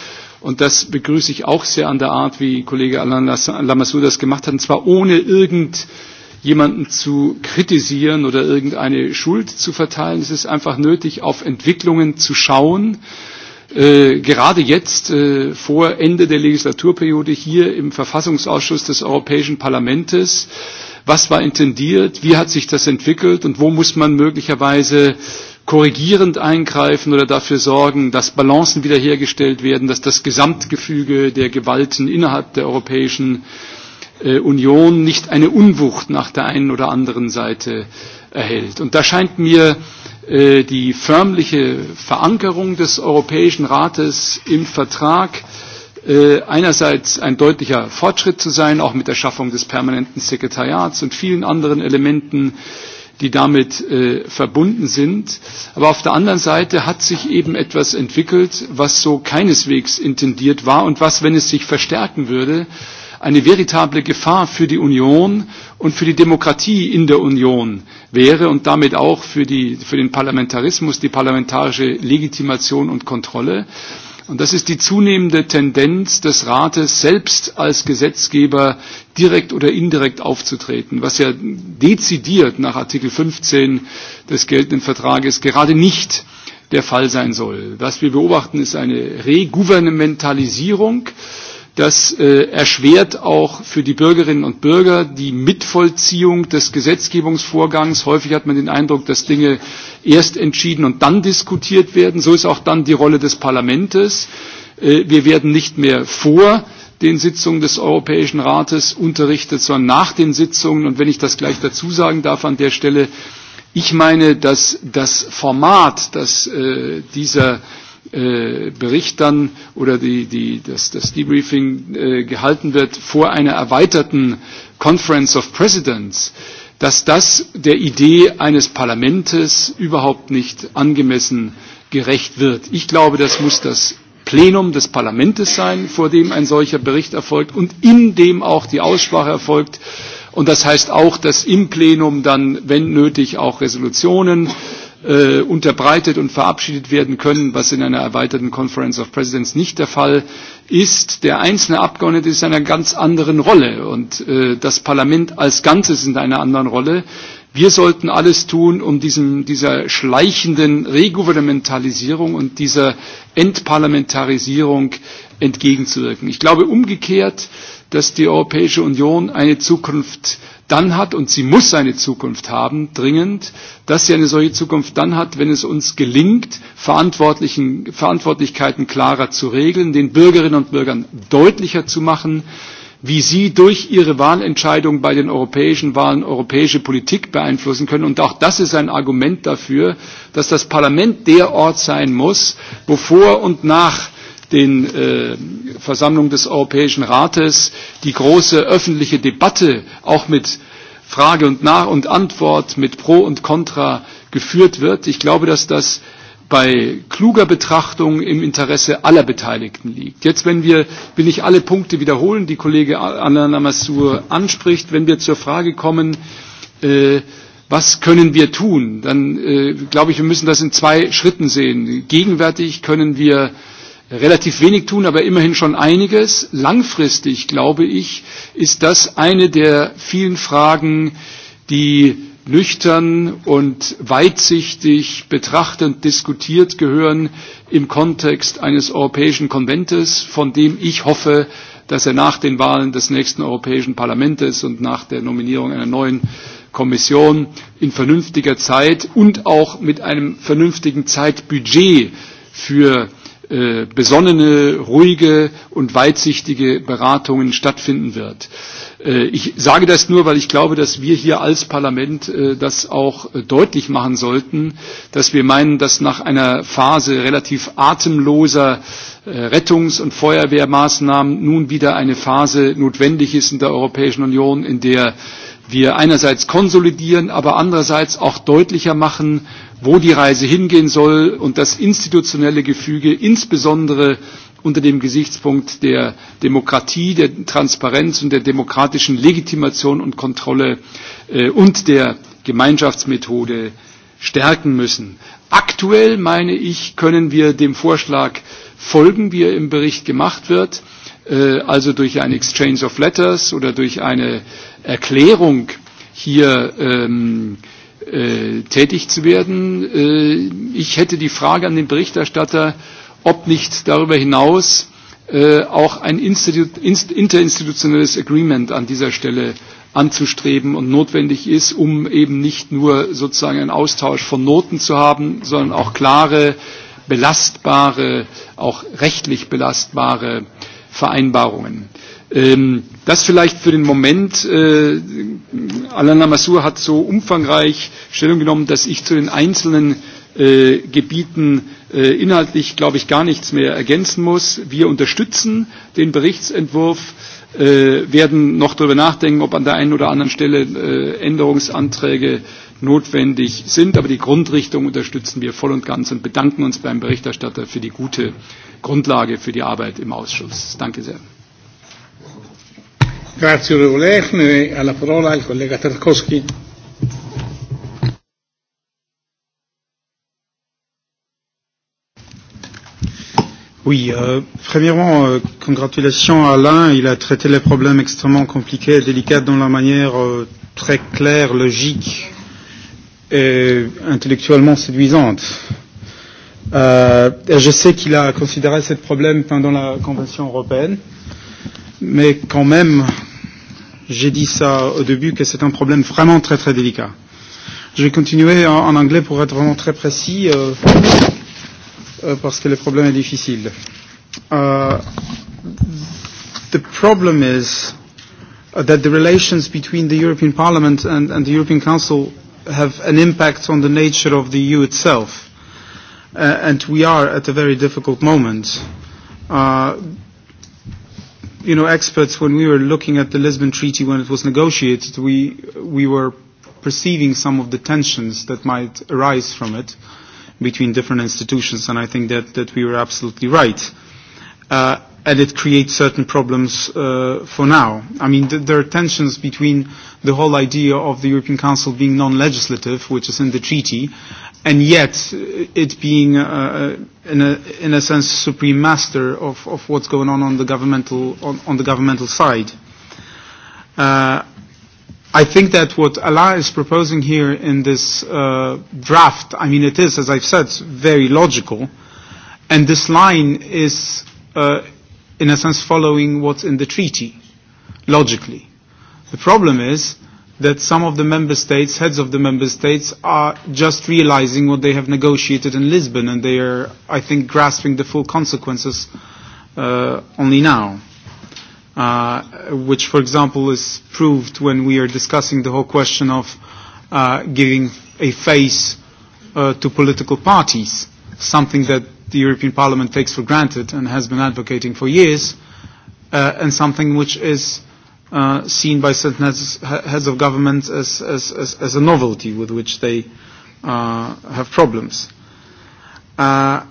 und das begrüße ich auch sehr an der Art, wie Kollege Alain Lamassou das gemacht hat, und zwar ohne irgendjemanden zu kritisieren oder irgendeine Schuld zu verteilen. Es ist einfach nötig, auf Entwicklungen zu schauen, äh, gerade jetzt äh, vor Ende der Legislaturperiode hier im Verfassungsausschuss des Europäischen Parlaments, was war intendiert, wie hat sich das entwickelt und wo muss man möglicherweise korrigierend eingreifen oder dafür sorgen, dass Balancen wiederhergestellt werden, dass das Gesamtgefüge der Gewalten innerhalb der Europäischen äh, Union nicht eine Unwucht nach der einen oder anderen Seite äh, erhält. Und da scheint mir äh, die förmliche Verankerung des Europäischen Rates im Vertrag einerseits ein deutlicher Fortschritt zu sein, auch mit der Schaffung des permanenten Sekretariats und vielen anderen Elementen, äh, die damit äh, verbunden sind. Aber auf der anderen Seite hat sich eben etwas entwickelt, was so keineswegs intendiert war und was, wenn es sich verstärken würde, eine veritable Gefahr für die Union und für die Demokratie in der Union wäre und damit auch für, die, für den Parlamentarismus, die parlamentarische Legitimation und Kontrolle. Und das ist die zunehmende Tendenz des Rates, selbst als Gesetzgeber direkt oder indirekt aufzutreten, was ja dezidiert nach Artikel 15 des geltenden Vertrages gerade nicht der Fall sein soll. Was wir beobachten, ist eine Regouvernementalisierung Das äh, erschwert auch für die Bürgerinnen und Bürger die Mitvollziehung des Gesetzgebungsvorgangs. Häufig hat man den Eindruck, dass Dinge erst entschieden und dann diskutiert werden. So ist auch dann die Rolle des Parlaments. Äh, wir werden nicht mehr vor den Sitzungen des Europäischen Rates unterrichtet, sondern nach den Sitzungen. Und wenn ich das gleich dazu sagen darf an der Stelle, ich meine, dass das Format, das äh, dieser Äh, Bericht dann oder die, die, das, das Debriefing äh, gehalten wird vor einer erweiterten Conference of Presidents, dass das der Idee eines Parlamentes überhaupt nicht angemessen gerecht wird. Ich glaube, das muss das Plenum des Parlaments sein, vor dem ein solcher Bericht erfolgt und in dem auch die Aussprache erfolgt. Und das heißt auch, dass im Plenum dann, wenn nötig, auch Resolutionen äh, unterbreitet und verabschiedet werden können, was in einer erweiterten Conference of Presidents nicht der Fall ist. Der einzelne Abgeordnete ist in einer ganz anderen Rolle und äh, das Parlament als Ganzes in einer anderen Rolle. Wir sollten alles tun, um diesem, dieser schleichenden Regouvernementalisierung und dieser Entparlamentarisierung entgegenzuwirken. Ich glaube umgekehrt, dass die Europäische Union eine Zukunft dann hat, und sie muss eine Zukunft haben, dringend, dass sie eine solche Zukunft dann hat, wenn es uns gelingt, Verantwortlichen, Verantwortlichkeiten klarer zu regeln, den Bürgerinnen und Bürgern deutlicher zu machen, wie sie durch ihre Wahlentscheidung bei den europäischen Wahlen europäische Politik beeinflussen können. Und auch das ist ein Argument dafür, dass das Parlament der Ort sein muss, wo vor und nach den äh, Versammlungen des Europäischen Rates die große öffentliche Debatte auch mit Frage und Nach und Antwort, mit Pro und Contra geführt wird. Ich glaube, dass das bei kluger Betrachtung im Interesse aller Beteiligten liegt. Jetzt, wenn wir, will ich alle Punkte wiederholen, die Kollege Anna-Namassur anspricht, wenn wir zur Frage kommen, äh, was können wir tun, dann äh, glaube ich, wir müssen das in zwei Schritten sehen. Gegenwärtig können wir äh, relativ wenig tun, aber immerhin schon einiges. Langfristig, glaube ich, ist das eine der vielen Fragen, die nüchtern und weitsichtig betrachtend diskutiert gehören im Kontext eines Europäischen Konventes, von dem ich hoffe, dass er nach den Wahlen des nächsten Europäischen Parlaments und nach der Nominierung einer neuen Kommission in vernünftiger Zeit und auch mit einem vernünftigen Zeitbudget für Äh, besonnene, ruhige und weitsichtige Beratungen stattfinden wird. Äh, ich sage das nur, weil ich glaube, dass wir hier als Parlament äh, das auch deutlich machen sollten, dass wir meinen, dass nach einer Phase relativ atemloser Rettungs- und Feuerwehrmaßnahmen nun wieder eine Phase notwendig ist in der Europäischen Union, in der wir einerseits konsolidieren, aber andererseits auch deutlicher machen, wo die Reise hingehen soll und das institutionelle Gefüge insbesondere unter dem Gesichtspunkt der Demokratie, der Transparenz und der demokratischen Legitimation und Kontrolle äh, und der Gemeinschaftsmethode stärken müssen. Aktuell, meine ich, können wir dem Vorschlag folgen, wie er im Bericht gemacht wird. Äh, also durch ein Exchange of Letters oder durch eine Erklärung hier ähm, äh, tätig zu werden. Äh, ich hätte die Frage an den Berichterstatter, ob nicht darüber hinaus äh, auch ein Institut, inst, interinstitutionelles Agreement an dieser Stelle anzustreben und notwendig ist, um eben nicht nur sozusagen einen Austausch von Noten zu haben, sondern auch klare, belastbare, auch rechtlich belastbare äh, Vereinbarungen. Ähm, das vielleicht für den Moment. Äh, Alain Lamassoure hat so umfangreich Stellung genommen, dass ich zu den einzelnen äh, Gebieten äh, inhaltlich, glaube ich, gar nichts mehr ergänzen muss. Wir unterstützen den Berichtsentwurf, äh, werden noch darüber nachdenken, ob an der einen oder anderen Stelle äh, Änderungsanträge notwendig sind. Aber die Grundrichtung unterstützen wir voll und ganz und bedanken uns beim Berichterstatter für die gute Grundlage für die Arbeit im Ausschuss. Danke sehr. Grazie onorevole Efne. E alla parola il collega Tarkovsky. Oui, euh, premièrement, euh, congratulations à Alain. Il a traité les problèmes extrêmement compliqués et délicats dans la manière euh, très claire, logique et intellectuellement séduisante. Euh, je sais qu'il a considéré ce problème pendant la Convention européenne, mais quand même, j'ai dit ça au début, que c'est un problème vraiment très très délicat. Je vais continuer en, en anglais pour être vraiment très précis, euh, euh, parce que le problème est difficile. Uh, the problem is that the relations between the European Parliament and, and the European Council have an impact on the nature of the EU itself uh, and we are at a very difficult moment. Uh, you know, experts, when we were looking at the Lisbon Treaty when it was negotiated, we, we were perceiving some of the tensions that might arise from it between different institutions, and I think that, that we were absolutely right. Uh, and it creates certain problems uh, for now. I mean, th- there are tensions between the whole idea of the European Council being non-legislative, which is in the treaty, and yet uh, it being, uh, uh, in, a, in a sense, supreme master of, of what's going on on the governmental, on, on the governmental side. Uh, I think that what Allah is proposing here in this uh, draft, I mean, it is, as I've said, very logical, and this line is, uh, in a sense, following what's in the treaty, logically. The problem is that some of the member states, heads of the member states, are just realizing what they have negotiated in Lisbon, and they are, I think, grasping the full consequences uh, only now. Uh, which, for example, is proved when we are discussing the whole question of uh, giving a face uh, to political parties, something that the European Parliament takes for granted and has been advocating for years, uh, and something which is uh, seen by certain heads, heads of government as, as, as, as a novelty with which they uh, have problems. Uh,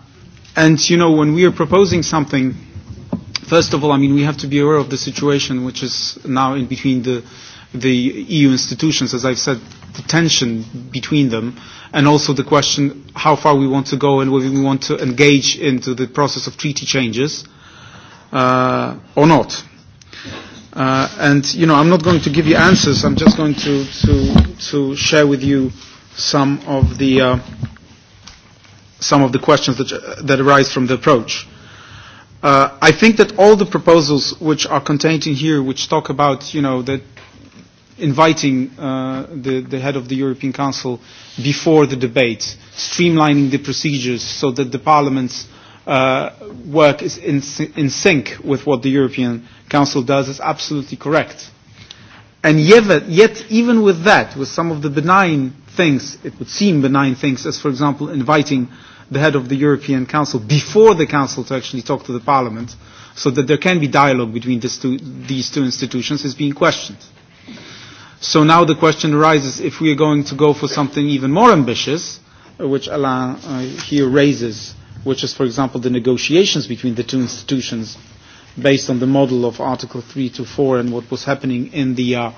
and, you know, when we are proposing something, first of all, I mean, we have to be aware of the situation which is now in between the, the EU institutions, as I've said, the tension between them, and also the question how far we want to go and whether we want to engage into the process of treaty changes uh, or not. Uh, and you know, I'm not going to give you answers. I'm just going to to, to share with you some of the uh, some of the questions that that arise from the approach. Uh, I think that all the proposals which are contained in here, which talk about you know that inviting uh, the, the head of the European Council before the debate, streamlining the procedures so that the parliaments uh, work is in, in sync with what the European Council does is absolutely correct. And yet, yet, even with that, with some of the benign things, it would seem benign things, as for example, inviting the head of the European Council before the Council to actually talk to the Parliament, so that there can be dialogue between this two, these two institutions, is being questioned. So now the question arises if we are going to go for something even more ambitious, which Alain uh, here raises which is, for example, the negotiations between the two institutions based on the model of Article 3 to 4 and what was happening in the uh,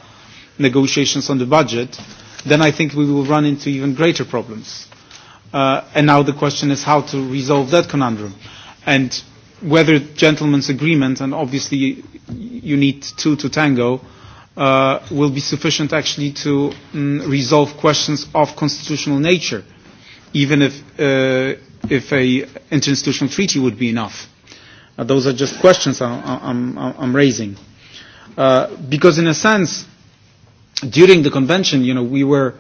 negotiations on the budget, then I think we will run into even greater problems. Uh, and now the question is how to resolve that conundrum. And whether gentlemen's agreement, and obviously you need two to tango, uh, will be sufficient actually to mm, resolve questions of constitutional nature, even if uh, if a interinstitutional treaty would be enough. Uh, those are just questions I'm, I'm, I'm raising. Uh, because in a sense, during the convention, you know, we were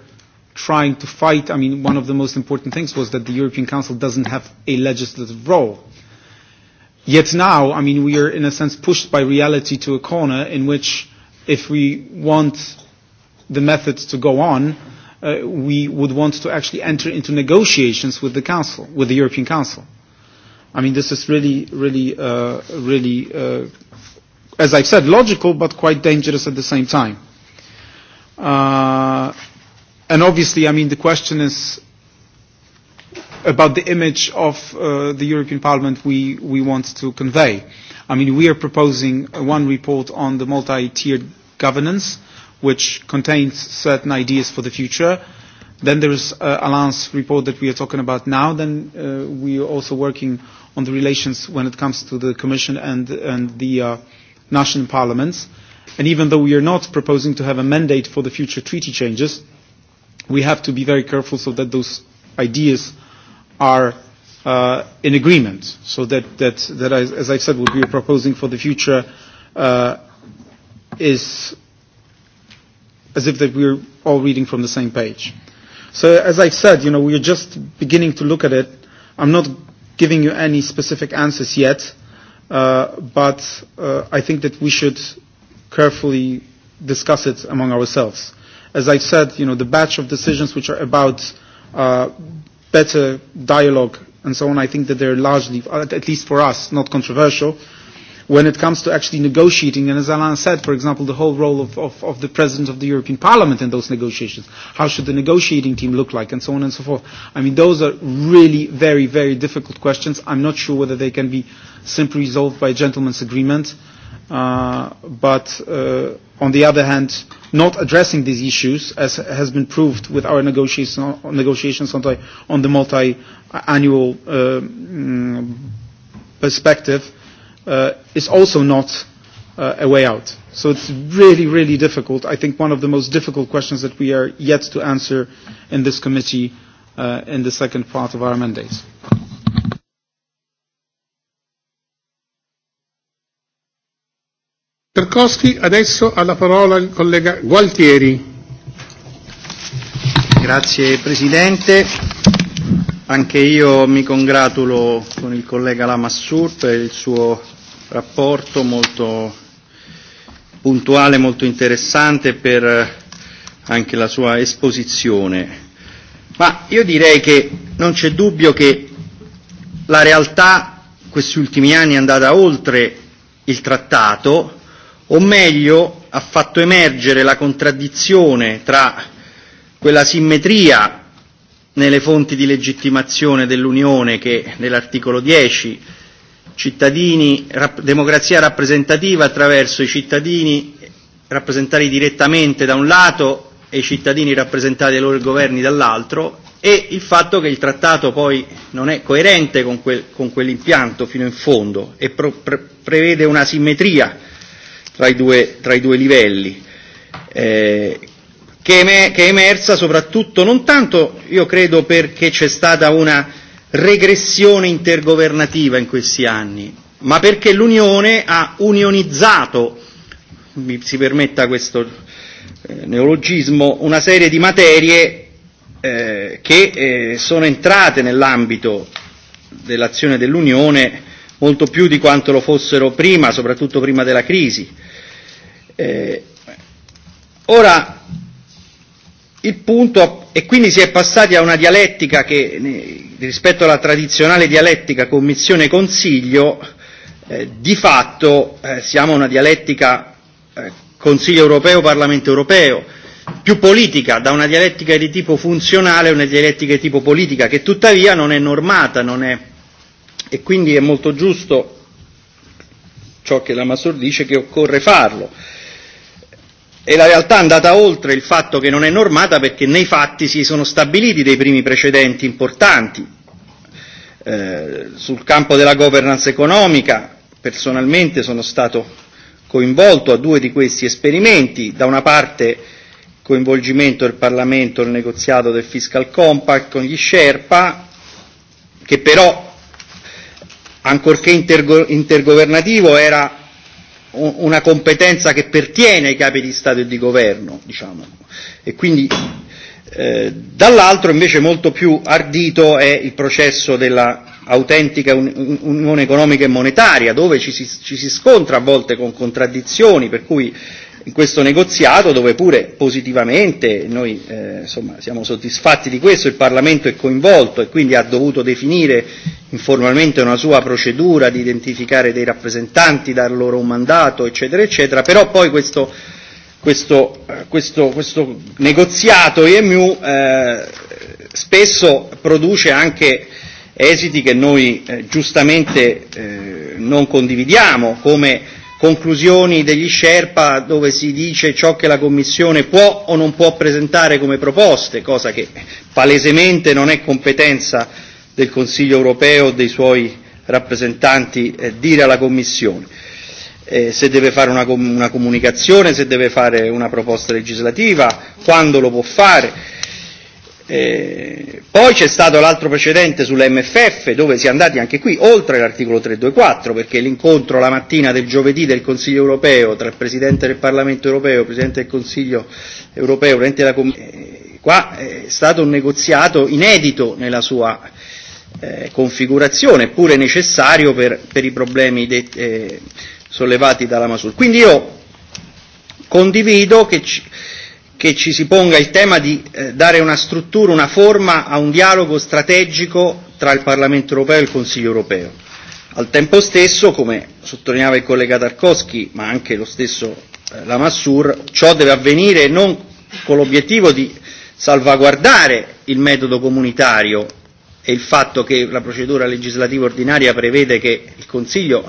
trying to fight. I mean, one of the most important things was that the European Council doesn't have a legislative role. Yet now, I mean, we are in a sense pushed by reality to a corner in which if we want the methods to go on, uh, uh, we would want to actually enter into negotiations with the Council, with the European Council. I mean, this is really, really, uh, really, uh, as I've said, logical, but quite dangerous at the same time. Uh, and obviously, I mean, the question is about the image of uh, the European Parliament we, we want to convey. I mean, we are proposing one report on the multi-tiered governance which contains certain ideas for the future. Then there is uh, Alain's report that we are talking about now. Then uh, we are also working on the relations when it comes to the Commission and, and the uh, national parliaments. And even though we are not proposing to have a mandate for the future treaty changes, we have to be very careful so that those ideas are uh, in agreement. So that, that, that I, as I said, what we are proposing for the future uh, is as if that we we're all reading from the same page. So as I've said, you know, we're just beginning to look at it. I'm not giving you any specific answers yet, uh, but uh, I think that we should carefully discuss it among ourselves. As I've said, you know, the batch of decisions which are about uh, better dialogue and so on, I think that they're largely, at least for us, not controversial when it comes to actually negotiating, and as Alain said, for example, the whole role of, of, of the President of the European Parliament in those negotiations, how should the negotiating team look like, and so on and so forth. I mean, those are really very, very difficult questions. I'm not sure whether they can be simply resolved by a gentleman's agreement. Uh, but uh, on the other hand, not addressing these issues, as has been proved with our negotiations on the, on the multi-annual uh, mm, perspective, uh, is also not uh, a way out. So it's really, really difficult. I think one of the most difficult questions that we are yet to answer in this committee uh, in the second part of our mandate. Tarkovsky, adesso alla parola il collega Gualtieri. Grazie Presidente, anche io mi congratulo con il collega Lamassur per il suo rapporto molto puntuale, molto interessante per eh, anche la sua esposizione. Ma io direi che non c'è dubbio che la realtà questi ultimi anni è andata oltre il trattato, o meglio ha fatto emergere la contraddizione tra quella simmetria nelle fonti di legittimazione dell'Unione che nell'articolo 10 cittadini, rap, democrazia rappresentativa attraverso i cittadini rappresentati direttamente da un lato e i cittadini rappresentati dai loro governi dall'altro e il fatto che il trattato poi non è coerente con, quel, con quell'impianto fino in fondo e pro, pre, prevede una simmetria tra i due, tra i due livelli. Eh, che, è emersa soprattutto non tanto, io credo, perché c'è stata una eh, regressione intergovernativa in questi anni, ma perché l'Unione ha unionizzato, mi si permetta questo eh, neologismo, una serie di materie eh, che eh, sono entrate nell'ambito dell'azione dell'Unione molto più di quanto lo fossero prima, soprattutto prima della crisi. Eh, ora, Il punto, e quindi si è passati a una dialettica che rispetto alla tradizionale dialettica Commissione-Consiglio, eh, di fatto eh, siamo una dialettica eh, Consiglio europeo-Parlamento europeo, più politica, da una dialettica di tipo funzionale a una dialettica di tipo politica, che tuttavia non è normata, non è... e quindi è molto giusto ciò che la Massor dice che occorre farlo. Eh, e la realtà è andata oltre il fatto che non è normata perché nei fatti si sono stabiliti dei primi precedenti importanti eh, sul campo della governance economica. Personalmente sono stato coinvolto a due di questi esperimenti, da una parte coinvolgimento del Parlamento nel negoziato del Fiscal Compact con gli Sherpa, che però, ancorché intergo- intergovernativo, era una competenza che pertiene ai capi di Stato e di governo, diciamo. E quindi eh, dall'altro invece molto più ardito è il processo della autentica unione economica e monetaria, dove ci si, ci si scontra a volte con contraddizioni, per cui in questo negoziato dove pure positivamente noi eh, insomma, siamo soddisfatti di questo, il Parlamento è coinvolto e quindi ha dovuto definire informalmente una sua procedura di identificare dei rappresentanti, dar loro un mandato, eccetera, eccetera, però poi questo, questo, eh, questo, questo negoziato EMU eh, spesso produce anche esiti che noi eh, giustamente eh, non condividiamo, come conclusioni degli Sherpa dove si dice ciò che la Commissione può o non può presentare come proposte, cosa che palesemente non è competenza del Consiglio europeo o dei suoi rappresentanti eh, dire alla Commissione. Eh, se deve fare una, com- una comunicazione, se deve fare una proposta legislativa, quando lo può fare Eh, poi c'è stato l'altro precedente sull'MFF dove si è andati anche qui oltre l'articolo 324 perché l'incontro la mattina del giovedì del Consiglio europeo tra il Presidente del Parlamento europeo, il Presidente del Consiglio europeo, il Presidente della Commissione, eh, qua eh, è stato un negoziato inedito nella sua eh, configurazione eppure necessario per, per i problemi de, eh, sollevati dalla Masur. Quindi io condivido che ci, che ci si ponga il tema di eh, dare una struttura, una forma a un dialogo strategico tra il Parlamento europeo e il Consiglio europeo. Al tempo stesso, come sottolineava il collega Tarkovsky, ma anche lo stesso eh, Lamassur, ciò deve avvenire non con l'obiettivo di salvaguardare il metodo comunitario e il fatto che la procedura legislativa ordinaria prevede che il Consiglio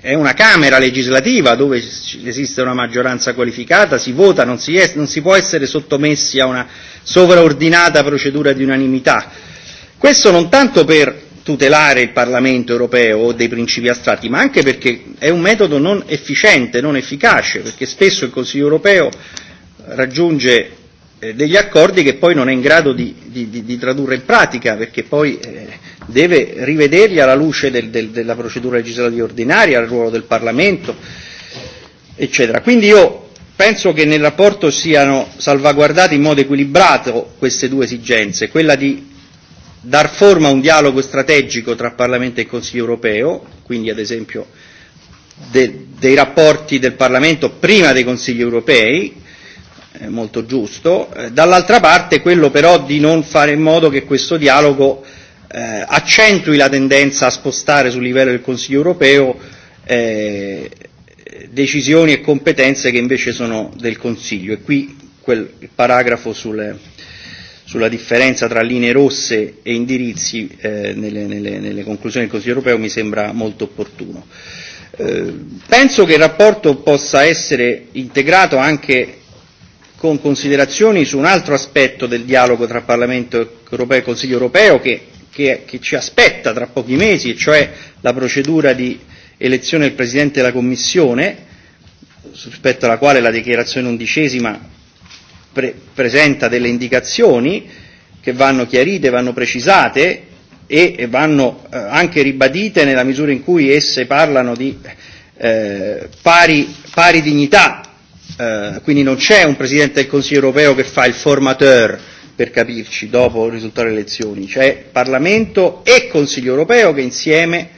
è una Camera legislativa dove esiste una maggioranza qualificata, si vota, non si, è, non si può essere sottomessi a una sovraordinata procedura di unanimità. Questo non tanto per tutelare il Parlamento europeo o dei principi astratti, ma anche perché è un metodo non efficiente, non efficace, perché spesso il Consiglio europeo raggiunge Eh, degli accordi che poi non è in grado di, di, di, di tradurre in pratica perché poi eh, deve rivederli alla luce del, del, della procedura legislativa ordinaria, al ruolo del Parlamento, eccetera. Quindi io penso che nel rapporto siano salvaguardate in modo equilibrato queste due esigenze, quella di dar forma a un dialogo strategico tra Parlamento e Consiglio europeo, quindi ad esempio de, dei rapporti del Parlamento prima dei Consigli europei, eh, molto giusto, eh, dall'altra parte quello però di non fare in modo che questo dialogo eh, accentui la tendenza a spostare sul livello del Consiglio europeo eh, decisioni e competenze che invece sono del Consiglio. E qui quel paragrafo sulle, sulla differenza tra linee rosse e indirizzi eh, nelle, nelle, nelle conclusioni del Consiglio europeo mi sembra molto opportuno. Eh, penso che il rapporto possa essere integrato anche con considerazioni su un altro aspetto del dialogo tra Parlamento europeo e Consiglio europeo che, che, che ci aspetta tra pochi mesi, cioè la procedura di elezione del Presidente della Commissione, rispetto alla quale la dichiarazione undicesima pre- presenta delle indicazioni che vanno chiarite, vanno precisate e, e vanno eh, anche ribadite nella misura in cui esse parlano di eh, pari, pari dignità Eh, quindi non c'è un Presidente del Consiglio europeo che fa il formateur, per capirci, dopo il risultato delle elezioni. C'è Parlamento e Consiglio europeo che insieme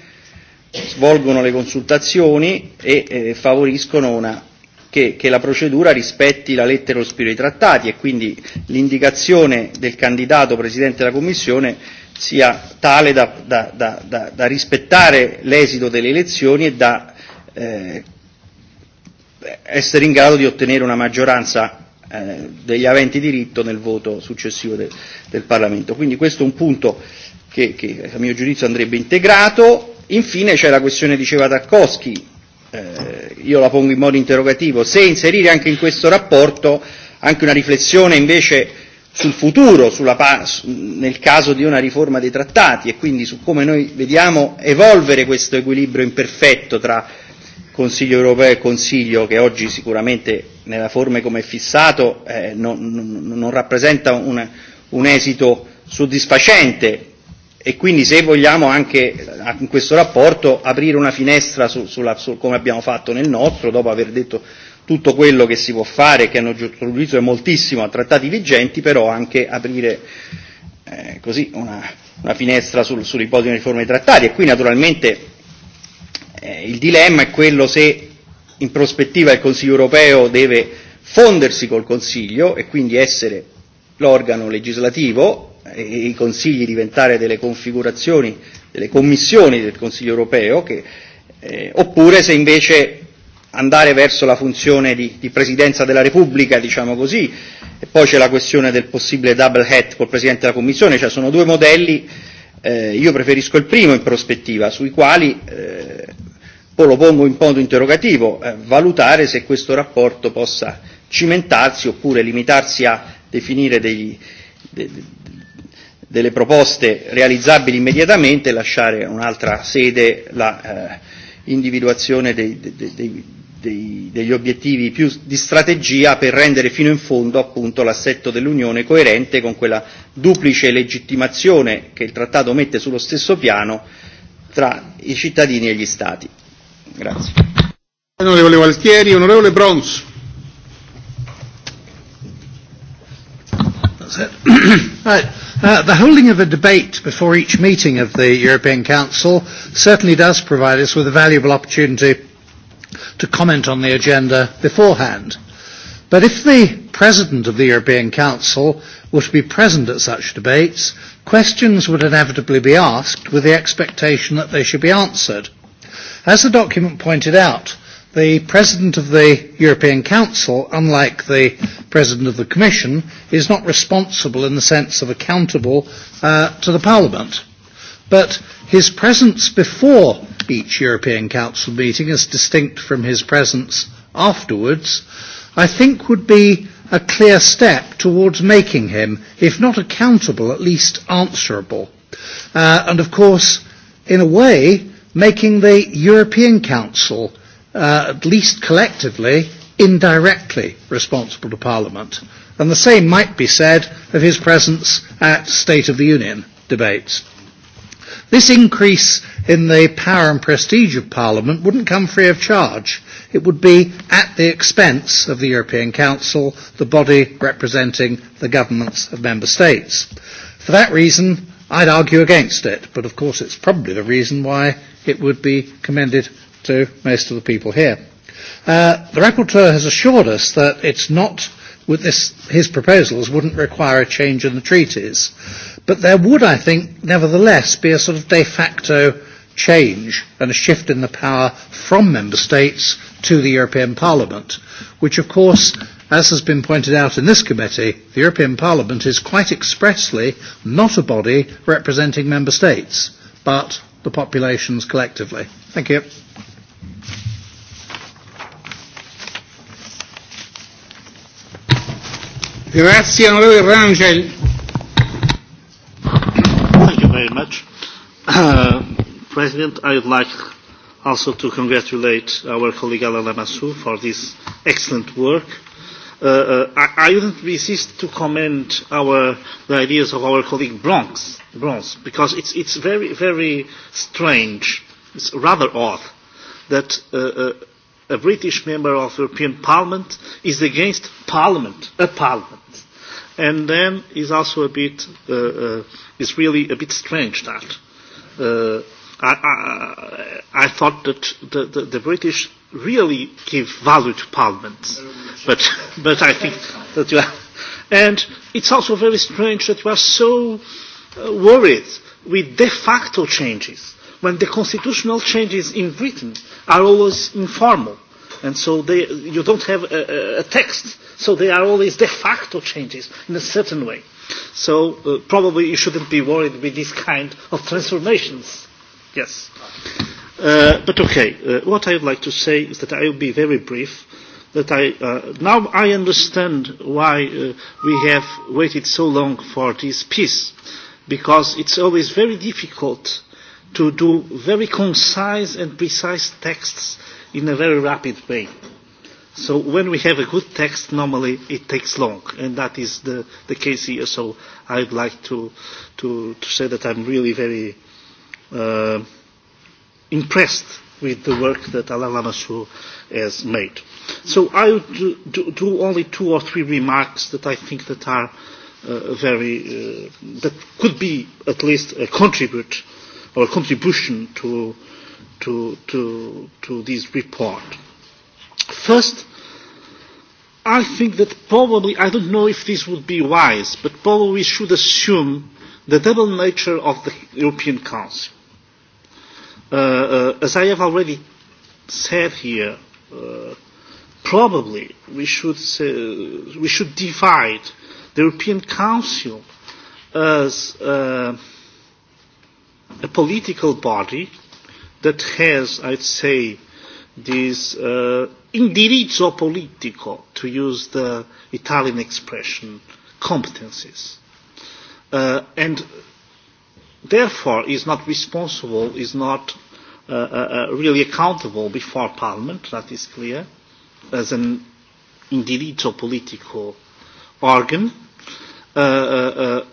svolgono le consultazioni e eh, favoriscono una, che, che la procedura rispetti la lettera e lo spirito dei trattati e quindi l'indicazione del candidato Presidente della Commissione sia tale da, da, da, da, da rispettare l'esito delle elezioni e da eh, essere in grado di ottenere una maggioranza eh, degli aventi diritto nel voto successivo del, del Parlamento. Quindi questo è un punto che, che a mio giudizio andrebbe integrato. Infine c'è la questione, diceva Tarkovsky, eh, io la pongo in modo interrogativo, se inserire anche in questo rapporto anche una riflessione invece sul futuro, sulla, nel caso di una riforma dei trattati e quindi su come noi vediamo evolvere questo equilibrio imperfetto tra Consiglio europeo e Consiglio che oggi sicuramente nella forma e come è fissato eh, non, non, non rappresenta un, un esito soddisfacente e quindi se vogliamo anche eh, in questo rapporto aprire una finestra su, sulla, su come abbiamo fatto nel nostro dopo aver detto tutto quello che si può fare che hanno giudicato è moltissimo a trattati vigenti però anche aprire eh, così una, una finestra sul, sull'ipotesi di riforma dei trattati e qui naturalmente Eh, il dilemma è quello se in prospettiva il Consiglio europeo deve fondersi col Consiglio e quindi essere l'organo legislativo e i consigli diventare delle configurazioni, delle commissioni del Consiglio europeo, che, eh, oppure se invece andare verso la funzione di, di Presidenza della Repubblica, diciamo così, e poi c'è la questione del possibile double hat col Presidente della Commissione, cioè sono due modelli, eh, io preferisco il primo in prospettiva, sui quali eh, o lo pongo in modo interrogativo, eh, valutare se questo rapporto possa cimentarsi oppure limitarsi a definire degli, de, de, delle proposte realizzabili immediatamente e lasciare un'altra sede la eh, individuazione dei, dei, dei, dei, degli obiettivi più di strategia per rendere fino in fondo appunto l'assetto dell'Unione coerente con quella duplice legittimazione che il trattato mette sullo stesso piano tra i cittadini e gli Stati. Grazie. Onorevole Valtieri, onorevole Brons. Uh, uh, the holding of a debate before each meeting of the European Council certainly does provide us with a valuable opportunity to comment on the agenda beforehand. But if the President of the European Council were to be present at such debates, questions would inevitably be asked with the expectation that they should be answered. As the document pointed out, the President of the European Council, unlike the President of the Commission, is not responsible in the sense of accountable uh, to the Parliament. But his presence before each European Council meeting, as distinct from his presence afterwards, I think would be a clear step towards making him, if not accountable, at least answerable. Uh, and of course, in a way, making the European Council, uh, at least collectively, indirectly responsible to Parliament. And the same might be said of his presence at State of the Union debates. This increase in the power and prestige of Parliament wouldn't come free of charge. It would be at the expense of the European Council, the body representing the governments of member states. For that reason, I'd argue against it, but of course it's probably the reason why it would be commended to most of the people here. Uh, the rapporteur has assured us that it's not with this, his proposals wouldn't require a change in the treaties, but there would, I think, nevertheless be a sort of de facto change and a shift in the power from member states to the European Parliament, which of course As has been pointed out in this committee, the European Parliament is quite expressly not a body representing member states, but the populations collectively. Thank you. Thank you very much. Uh, President, I would like also to congratulate our colleague Alain Masou for this excellent work Uh, uh, I, I wouldn't resist to comment our, the ideas of our colleague Bronx, Bronx because it's, it's very, very strange, it's rather odd that uh, a, uh, a British member of European Parliament is against Parliament, a Parliament. And then is also a bit, uh, uh, is really a bit strange that. Uh, I, I, I thought that the, the, the British really give value to parliaments. Um but, but I think that you are. And it's also very strange that you are so uh, worried with de facto changes when the constitutional changes in Britain are always informal. And so they, you don't have a, a, text, so they are always de facto changes in a certain way. So uh, probably you shouldn't be worried with this kind of transformations. Yes. Uh, but okay, uh, what I would like to say is that I will be very brief that I, uh, now I understand why uh, we have waited so long for this peace, because it's always very difficult to do very concise and precise texts in a very rapid way. So when we have a good text, normally it takes long, and that is the, the case here. So I'd like to, to, to say that I'm really very uh, impressed with the work that Alain Lamassoure has made. So I would do, do, do only two or three remarks that I think that are uh, very, uh, that could be at least a contribute or a contribution to, to, to, to this report. First, I think that probably, I don't know if this would be wise, but probably we should assume the double nature of the European Council. Uh, uh, as I have already said here uh, probably we should, say, we should divide the European Council as a, uh, a political body that has, I'd say, this uh, indirizzo politico, to use the Italian expression, competencies. Uh, and therefore is not responsible, is not uh, uh, uh really accountable before Parliament, that is clear as an individual political organ, uh, uh, uh,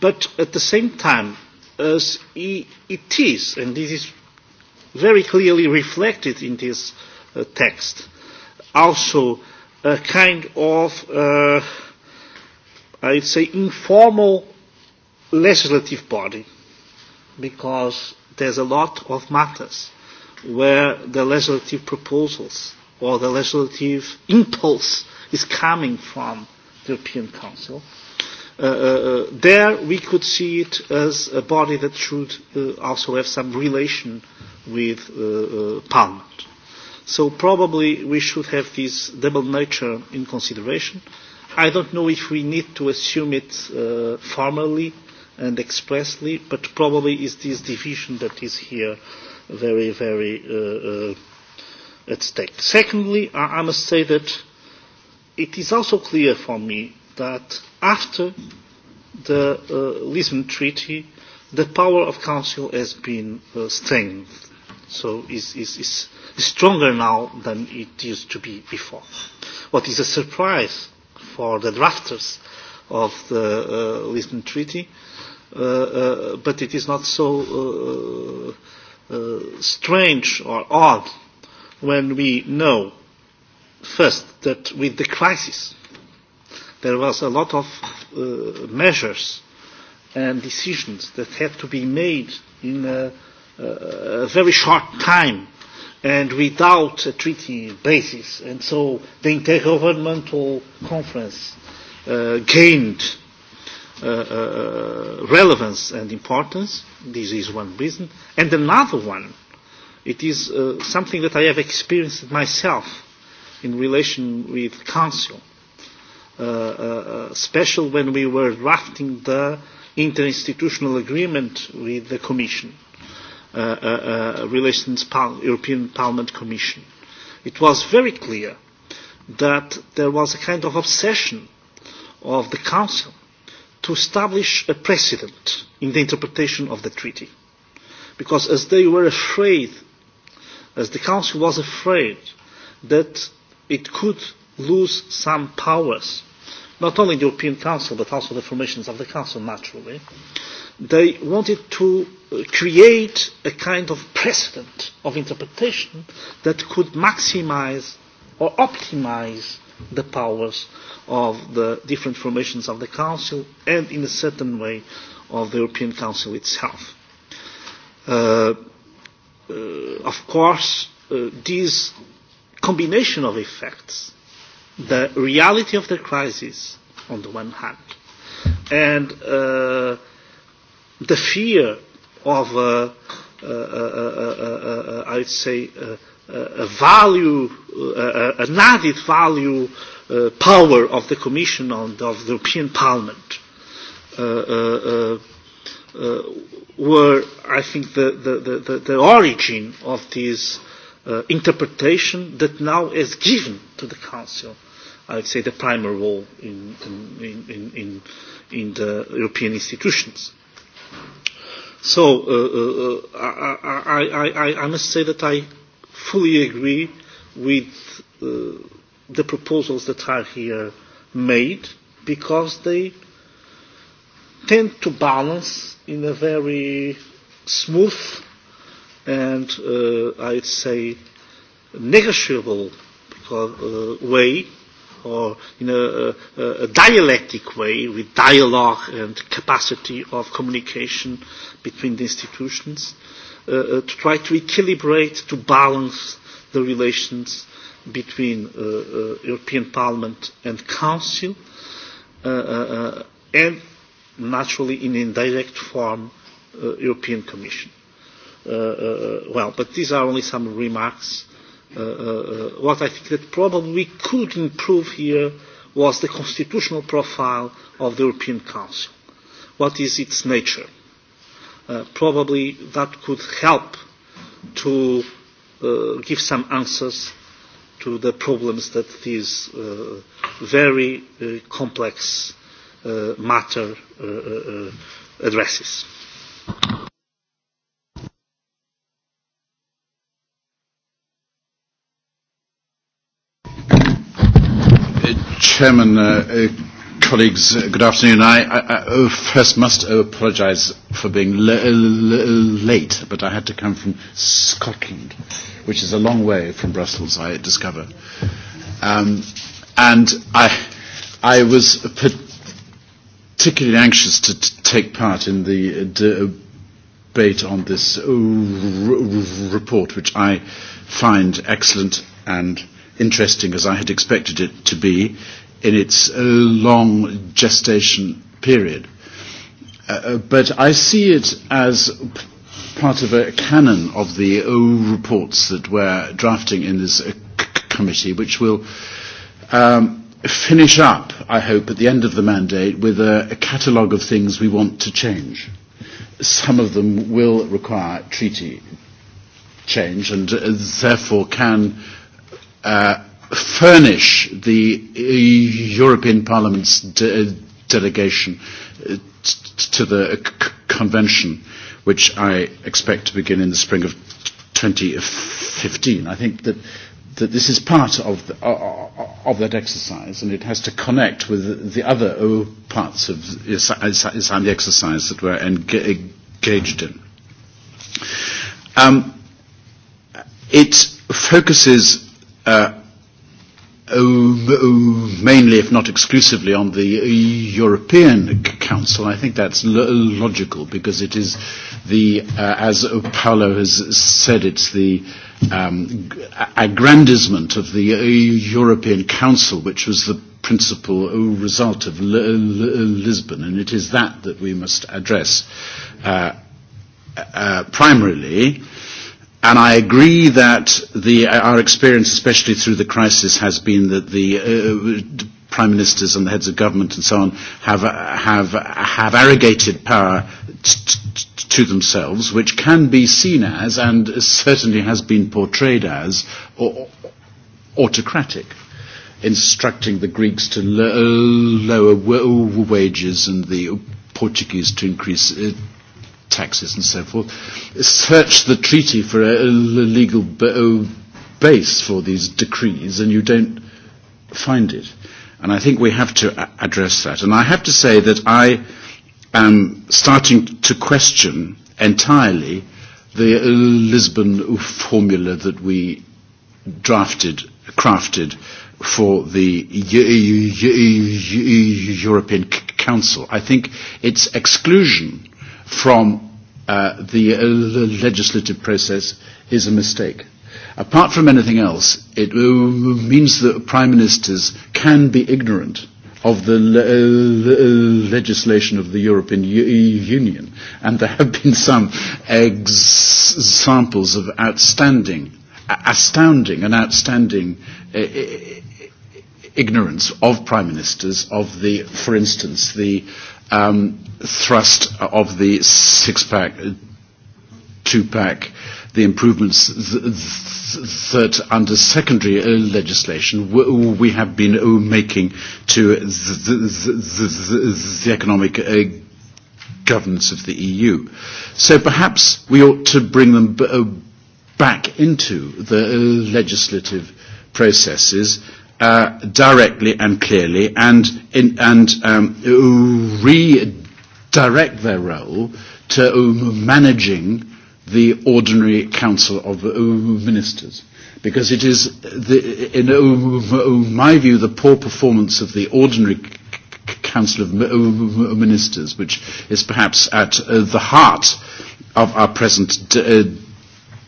but at the same time, as it is, and this is very clearly reflected in this uh, text, also a kind of, uh, I'd say, informal legislative body, because there's a lot of matters where the legislative proposals or the legislative impulse is coming from the European Council. Uh, uh, uh, there we could see it as a body that should uh, also have some relation with uh, uh, Parliament. So probably we should have this double nature in consideration. I don't know if we need to assume it uh, formally and expressly, but probably is this division that is here very, very uh, uh, at stake. Secondly, I, I must say that it is also clear for me that after the uh, Lisbon Treaty, the power of Council has been uh, strengthened, so is, is, is stronger now than it used to be before. What is a surprise for the drafters of the uh, Lisbon Treaty, uh, uh, but it is not so uh, uh, strange or odd when we know first that with the crisis there was a lot of uh, measures and decisions that had to be made in a, a very short time and without a treaty basis. And so the intergovernmental conference uh, gained uh, uh, relevance and importance. This is one reason. And another one It is uh, something that I have experienced myself in relation with Council, uh, uh, especially uh, when we were drafting the interinstitutional agreement with the Commission, uh, uh, uh, Relations Pal- European Parliament Commission. It was very clear that there was a kind of obsession of the Council to establish a precedent in the interpretation of the treaty. Because as they were afraid as the Council was afraid that it could lose some powers, not only the European Council, but also the formations of the Council, naturally. They wanted to uh, create a kind of precedent of interpretation that could maximize or optimize the powers of the different formations of the Council and, in a certain way, of the European Council itself. Uh, uh, of course, uh, this combination of effects, the reality of the crisis on the one hand, and uh, the fear of, uh, uh, uh, uh, uh, uh I would say, uh, uh, a value, uh, uh, an added value uh, power of the Commission and of the European Parliament. Uh, uh, uh, uh, were, I think, the, the, the, the origin of this uh, interpretation that now is given to the Council, I would say, the primary role in, in, in, in, in the European institutions. So uh, uh, uh I, I, I, I must say that I fully agree with uh, the proposals that are here made because they tend to balance in a very smooth and, uh, I'd say, negotiable because, uh, way or in a, a, a dialectic way with dialogue and capacity of communication between the institutions uh, uh to try to equilibrate, to balance the relations between uh, uh, European Parliament and Council uh, uh, uh and naturally in indirect form uh, European Commission. Uh, uh, well, but these are only some remarks. Uh, uh, uh, what I think that probably we could improve here was the constitutional profile of the European Council. What is its nature? Uh, probably that could help to uh, give some answers to the problems that these uh, very uh, complex uh, uh, matter uh, uh, uh addresses. Uh, Chairman, uh, uh, colleagues, uh, good afternoon. I, I, I uh, first must apologise for being l- l- late, but I had to come from Scotland, which is a long way from Brussels, I discover. Um, and I, I was put particularly anxious to t- take part in the de- uh, debate on this uh, r- r- report, which I find excellent and interesting as I had expected it to be in its uh, long gestation period. Uh, but I see it as p- part of a canon of the uh, reports that we're drafting in this uh, c- committee, which will um, finish up, I hope, at the end of the mandate with a, a catalogue of things we want to change. Some of them will require treaty change and uh, therefore can uh, furnish the uh, European Parliament's de- uh, delegation uh, t- to the uh, c- convention, which I expect to begin in the spring of 2015. I think that that this is part of, the, of that exercise and it has to connect with the other parts of the exercise that we're engaged in. Um, it focuses uh, Oh, oh, mainly, if not exclusively, on the European Council. I think that's lo- logical because it is the, uh, as Paolo has said, it's the um, aggrandizement of the uh, European Council, which was the principal uh, result of L- L- Lisbon, and it is that that we must address uh, uh, primarily. Uh, And I agree that the, uh, our experience, especially through the crisis, has been that the uh, uh, prime ministers and the heads of government and so on have, uh, have, have arrogated power t- t- to themselves, which can be seen as, and certainly has been portrayed as, or, or, autocratic instructing the Greeks to lo- lower w- wages and the Portuguese to increase uh, taxes and so forth, search the treaty for a, a legal b- base for these decrees, and you don't find it. And I think we have to address that. And I have to say that I am starting to question entirely the uh, Lisbon formula that we drafted, crafted for the European Council. I think its exclusion from uh, the uh, legislative process is a mistake. Apart from anything else, it uh, means that prime ministers can be ignorant of the le- le- uh, uh, legislation of the European U- Union. And there have been some ex- examples of outstanding, astounding and outstanding uh, uh, ignorance of prime ministers of the, for instance, the um, thrust of the six-pack, uh, two-pack, the improvements th- th- that under secondary uh, legislation w- we have been uh, making to th- th- th- the economic uh, governance of the EU. So perhaps we ought to bring them b- uh, back into the uh, legislative processes uh, directly and clearly and, in, and um, uh, re direct their role to um, managing the ordinary council of um, ministers. Because it is, the, in um, my view, the poor performance of the ordinary council of ministers, which is perhaps at uh, the heart of our present d- uh,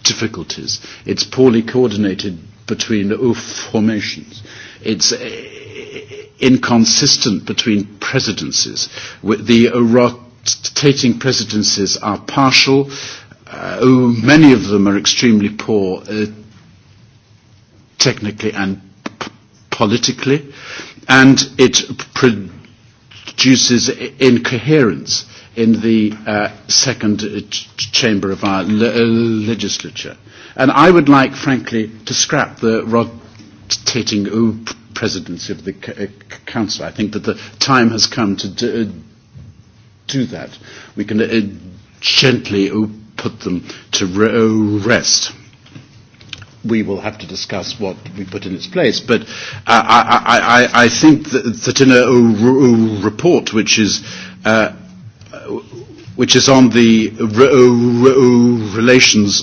difficulties. It's poorly coordinated between uh, formations. It's uh, inconsistent between presidencies. The rotating presidencies are partial. Uh, many of them are extremely poor uh, technically and p- politically, and it produces incoherence in the uh, second uh, chamber of our le- uh, legislature. And I would like, frankly, to scrap the rotating presidency of the uh, Council. I think that the time has come to uh, do that. We can uh, gently put them to uh, rest. We will have to discuss what we put in its place, but I, I, I, I think that, that in a, a report which is uh, which is on the re- re- relations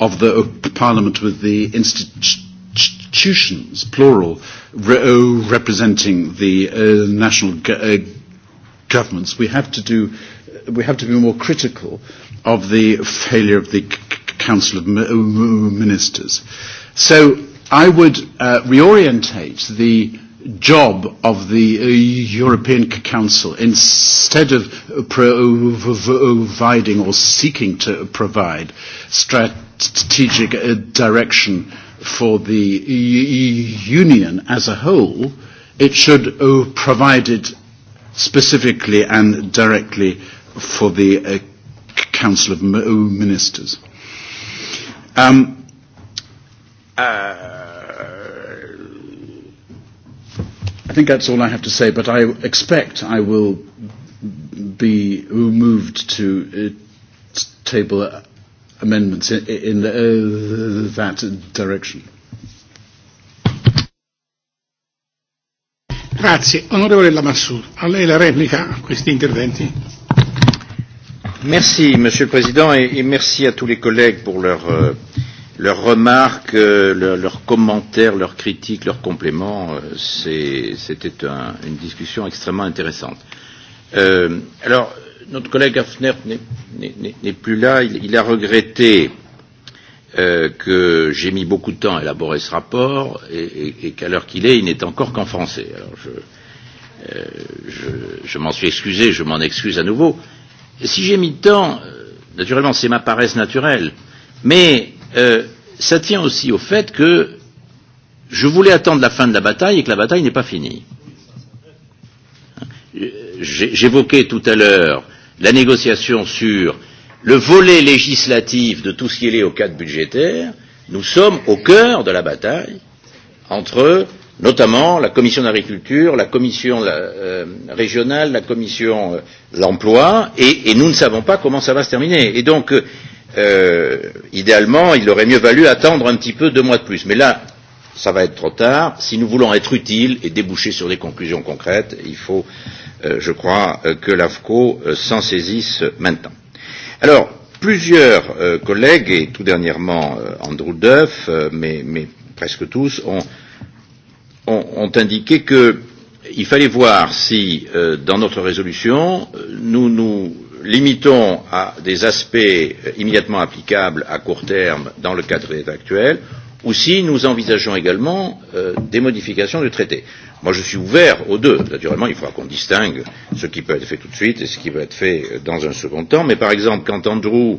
of the Parliament with the institutions, plural, re- uh, representing the uh, national go- uh, governments, we have to do we have to be more critical of the failure of the C- Council of M- Ministers. So I would uh, reorientate the job of the uh, European Council instead of providing or seeking to provide strategic uh, direction for the e e Union as a whole, it should uh, provide it specifically and directly for the uh, Council of oh, Ministers. Um, uh, I think that's all I have to say, but I expect I will be moved to uh, table amendments in, in uh, that direction. Grazie. Onorevole Lamassur, a lei la replica a questi interventi. Merci, Monsieur le Président, et, et merci à tous les collègues pour leurs euh, leur remarques, euh, leurs leur commentaires, leurs critiques, leurs compléments. Euh, C'était un, une discussion extrêmement intéressante. Euh, alors, notre collègue Hafner n'est plus là. Il, il a regretté euh, que j'ai mis beaucoup de temps à élaborer ce rapport et, et, et qu'à l'heure qu'il est, il n'est encore qu'en français. Alors je, euh, je, je m'en suis excusé, je m'en excuse à nouveau. Et si j'ai mis de temps, euh, naturellement, c'est ma paresse naturelle, mais euh, ça tient aussi au fait que je voulais attendre la fin de la bataille et que la bataille n'est pas finie. J'évoquais tout à l'heure la négociation sur le volet législatif de tout ce qui est lié au cadre budgétaire, nous sommes au cœur de la bataille entre notamment la commission d'agriculture, la commission la, euh, régionale, la commission euh, l'emploi, et, et nous ne savons pas comment ça va se terminer. Et donc, euh, idéalement, il aurait mieux valu attendre un petit peu deux mois de plus. Mais là, ça va être trop tard. Si nous voulons être utiles et déboucher sur des conclusions concrètes, il faut, euh, je crois, euh, que l'AFCO euh, s'en saisisse maintenant. Alors, plusieurs euh, collègues, et tout dernièrement euh, Andrew Duff, euh, mais, mais presque tous, ont, ont, ont indiqué que il fallait voir si, euh, dans notre résolution, euh, nous nous limitons à des aspects euh, immédiatement applicables à court terme dans le cadre actuel, ou si nous envisageons également euh, des modifications du traité. Moi, je suis ouvert aux deux. Naturellement, il faudra qu'on distingue ce qui peut être fait tout de suite et ce qui va être fait euh, dans un second temps. Mais par exemple, quand Andrew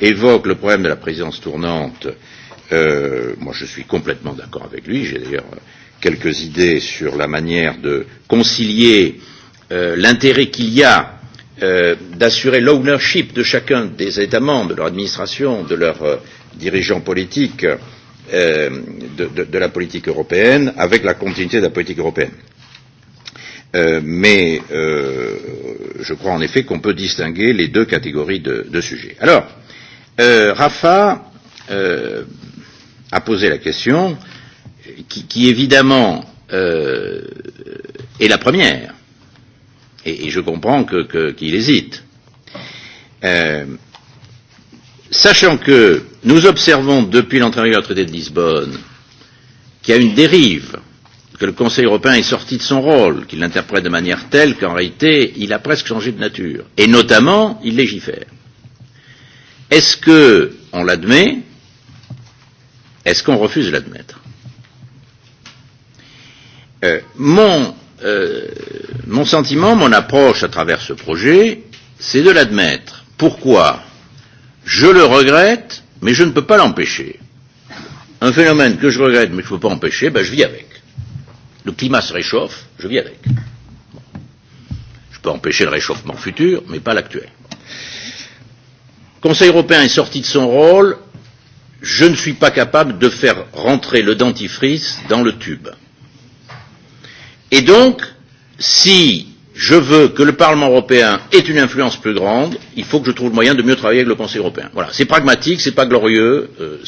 évoque le problème de la présidence tournante, euh, moi, je suis complètement d'accord avec lui. J'ai d'ailleurs euh, quelques idées sur la manière de concilier euh, l'intérêt qu'il y a euh, d'assurer l'ownership de chacun des États membres, de leur administration, de leurs euh, dirigeants politiques, euh, Euh, de, de, la politique européenne avec la continuité de la politique européenne. Euh, mais euh, je crois en effet qu'on peut distinguer les deux catégories de, de sujets. Alors, euh, Rafa euh, a posé la question qui, qui évidemment euh, est la première, et, et je comprends qu'il que qu hésite. Euh, sachant que nous observons depuis l'entrée en vigueur du traité de Lisbonne qu'il y a une dérive, que le Conseil européen est sorti de son rôle, qu'il l'interprète de manière telle qu'en réalité, il a presque changé de nature, et notamment, il légifère. Est-ce que on l'admet Est-ce qu'on refuse de l'admettre euh, mon, euh, mon sentiment, mon approche à travers ce projet, c'est de l'admettre. Pourquoi je le regrette, mais je ne peux pas l'empêcher. Un phénomène que je regrette, mais que je ne peux pas empêcher, ben je vis avec. Le climat se réchauffe, je vis avec. Bon. Je peux empêcher le réchauffement futur, mais pas l'actuel. Le Conseil européen est sorti de son rôle. Je ne suis pas capable de faire rentrer le dentifrice dans le tube. Et donc, si je veux que le Parlement européen ait une influence plus grande, il faut que je trouve le moyen de mieux travailler avec le Conseil européen. Voilà, c'est pragmatique, c'est pas glorieux, euh,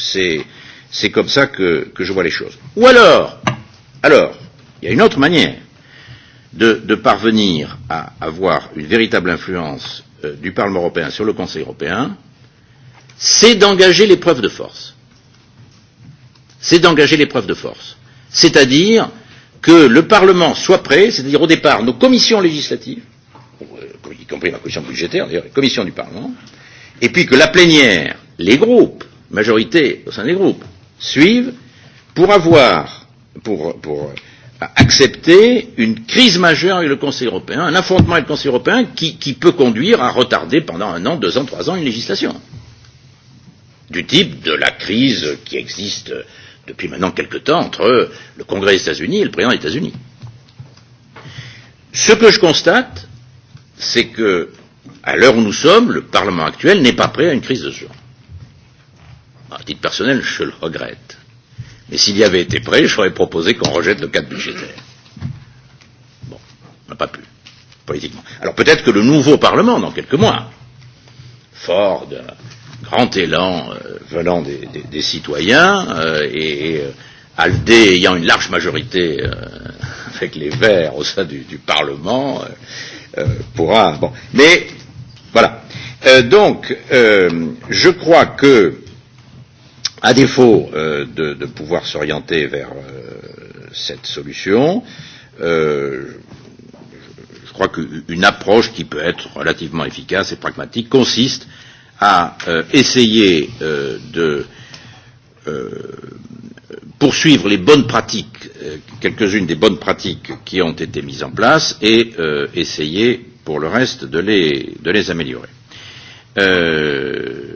c'est comme ça que, que je vois les choses. Ou alors, alors, il y a une autre manière de, de parvenir à avoir une véritable influence euh, du Parlement européen sur le Conseil européen, c'est d'engager l'épreuve de force. C'est d'engager l'épreuve de force. C'est-à-dire que le Parlement soit prêt, c'est-à-dire au départ nos commissions législatives, euh, y compris ma commission budgétaire, d'ailleurs les commissions du Parlement, et puis que la plénière, les groupes, majorité au sein des groupes, suivent pour avoir, pour, pour euh, accepter une crise majeure avec le Conseil européen, un affrontement avec le Conseil européen qui, qui peut conduire à retarder pendant un an, deux ans, trois ans une législation. Du type de la crise qui existe depuis maintenant quelque temps entre le Congrès des États-Unis et le président des États-Unis. Ce que je constate, c'est que, à l'heure où nous sommes, le Parlement actuel n'est pas prêt à une crise de ce genre. À titre personnel, je le regrette. Mais s'il y avait été prêt, j'aurais proposé qu'on rejette le cadre budgétaire. Bon, on n'a pas pu, politiquement. Alors peut-être que le nouveau Parlement, dans quelques mois, fort de, grand élan euh, venant des, des, des citoyens euh, et, et euh, ALDE ayant une large majorité euh, <laughs> avec les Verts au sein du, du Parlement euh, euh pourra. Bon, mais voilà. Euh, donc, euh, je crois que, à défaut euh, de, de pouvoir s'orienter vers euh, cette solution, euh, je crois qu'une approche qui peut être relativement efficace et pragmatique consiste euh, à euh, essayer euh, de euh, poursuivre les bonnes pratiques, euh, quelques-unes des bonnes pratiques qui ont été mises en place et euh, essayer pour le reste de les, de les améliorer. Euh,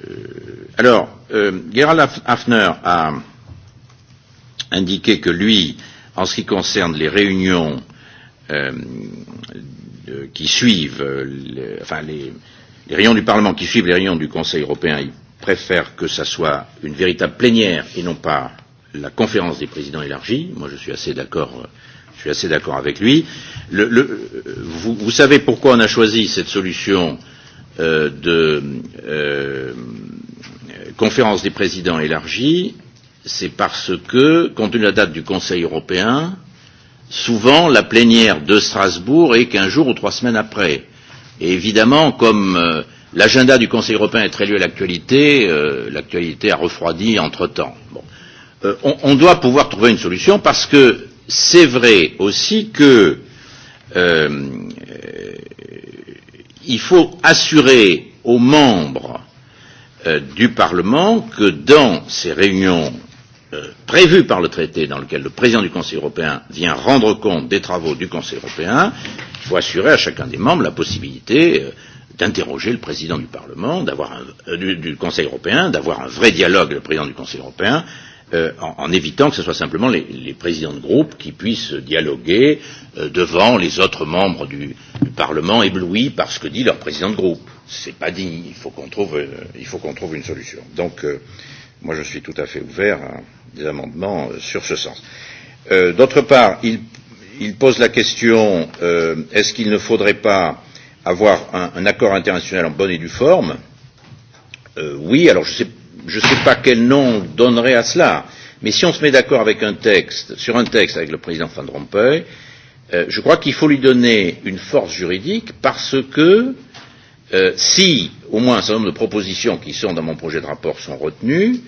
alors, euh, Gerald Hafner a indiqué que lui, en ce qui concerne les réunions euh, de, qui suivent, euh, les, enfin les, euh, Les réunions du Parlement qui suivent les réunions du Conseil européen, ils préfèrent que ça soit une véritable plénière et non pas la conférence des présidents élargie. Moi, je suis assez d'accord. Je suis assez d'accord avec lui. Le, le, vous, vous savez pourquoi on a choisi cette solution euh, de euh, conférence des présidents élargie c'est parce que, compte tenu de la date du Conseil européen, souvent la plénière de Strasbourg est qu'un jour ou trois semaines après. Et évidemment, comme euh, l'agenda du Conseil européen est très lié à l'actualité, euh, l'actualité a refroidi entre-temps. Bon. Euh, on, on doit pouvoir trouver une solution parce que c'est vrai aussi que euh, euh il faut assurer aux membres euh, du Parlement que dans ces réunions euh, prévu par le traité dans lequel le président du Conseil européen vient rendre compte des travaux du Conseil européen, il faut assurer à chacun des membres la possibilité euh, d'interroger le président du Parlement, d'avoir un, euh, du, du Conseil européen, d'avoir un vrai dialogue avec le président du Conseil européen, euh, en, en évitant que ce soit simplement les, les présidents de groupe qui puissent dialoguer euh, devant les autres membres du, du Parlement éblouis par ce que dit leur président de groupe. C'est pas digne. Il faut qu'on trouve, euh, qu trouve une solution. Donc, euh, moi, je suis tout à fait ouvert à des amendements euh, sur ce sens. Euh, D'autre part, il il pose la question euh, est-ce qu'il ne faudrait pas avoir un, un accord international en bonne et due forme euh, Oui, alors je ne sais, je sais pas quel nom on donnerait à cela, mais si on se met d'accord avec un texte, sur un texte avec le président Van Rompuy, euh, je crois qu'il faut lui donner une force juridique parce que euh, si au moins un certain nombre de propositions qui sont dans mon projet de rapport sont retenues,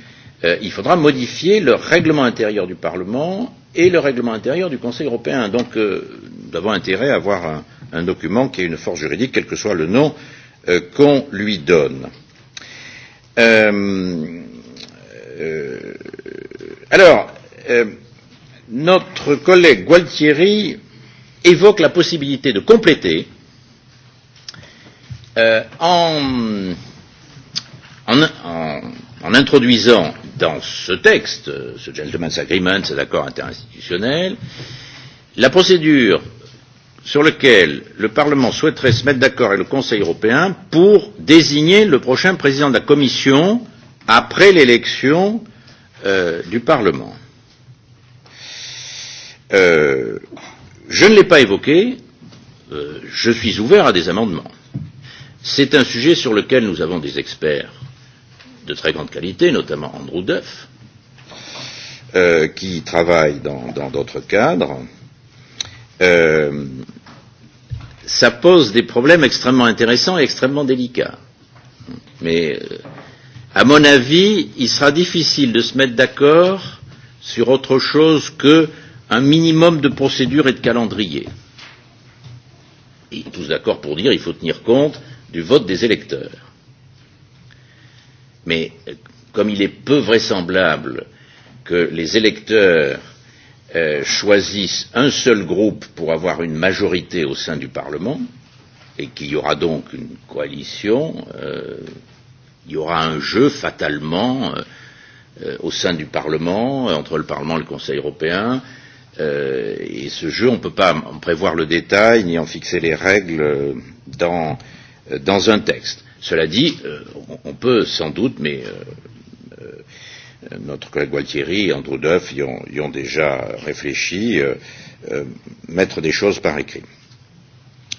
euh, il faudra modifier le règlement intérieur du Parlement et le règlement intérieur du Conseil européen. Donc euh, nous avons intérêt à avoir un, un document qui ait une force juridique, quel que soit le nom euh, qu'on lui donne. Euh, euh, alors, euh, notre collègue Gualtieri évoque la possibilité de compléter euh, en, en, en, en introduisant dans ce texte, ce gentleman's agreement, cet accord interinstitutionnel, la procédure sur laquelle le Parlement souhaiterait se mettre d'accord avec le Conseil européen pour désigner le prochain président de la Commission après l'élection euh, du Parlement. Euh, je ne l'ai pas évoqué, euh, je suis ouvert à des amendements. C'est un sujet sur lequel nous avons des experts de très grande qualité, notamment Andrew Duff, euh, qui travaille dans, dans d'autres cadres, euh, ça pose des problèmes extrêmement intéressants et extrêmement délicats. Mais, euh, à mon avis, il sera difficile de se mettre d'accord sur autre chose qu'un minimum de procédure et de calendrier. Et tous d'accord pour dire qu'il faut tenir compte du vote des électeurs. Mais euh, comme il est peu vraisemblable que les électeurs euh, choisissent un seul groupe pour avoir une majorité au sein du Parlement, et qu'il y aura donc une coalition, euh, il y aura un jeu fatalement euh, euh au sein du Parlement, entre le Parlement et le Conseil européen, euh, et ce jeu, on ne peut pas en prévoir le détail ni en fixer les règles euh, dans, dans un texte. Cela dit, euh, on, peut sans doute, mais euh, euh, notre collègue Gualtieri et Andrew Duff y ont, y ont déjà réfléchi, euh, euh, mettre des choses par écrit.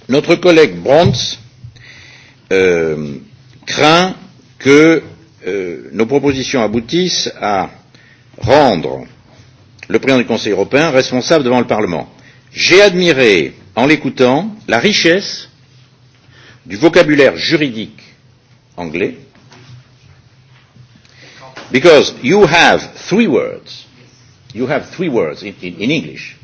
Notre collègue Brands euh, craint que euh, nos propositions aboutissent à rendre le président du Conseil européen responsable devant le Parlement. J'ai admiré, en l'écoutant, la richesse du vocabulaire juridique anglais. Because you have three words, you have three words in, in, in English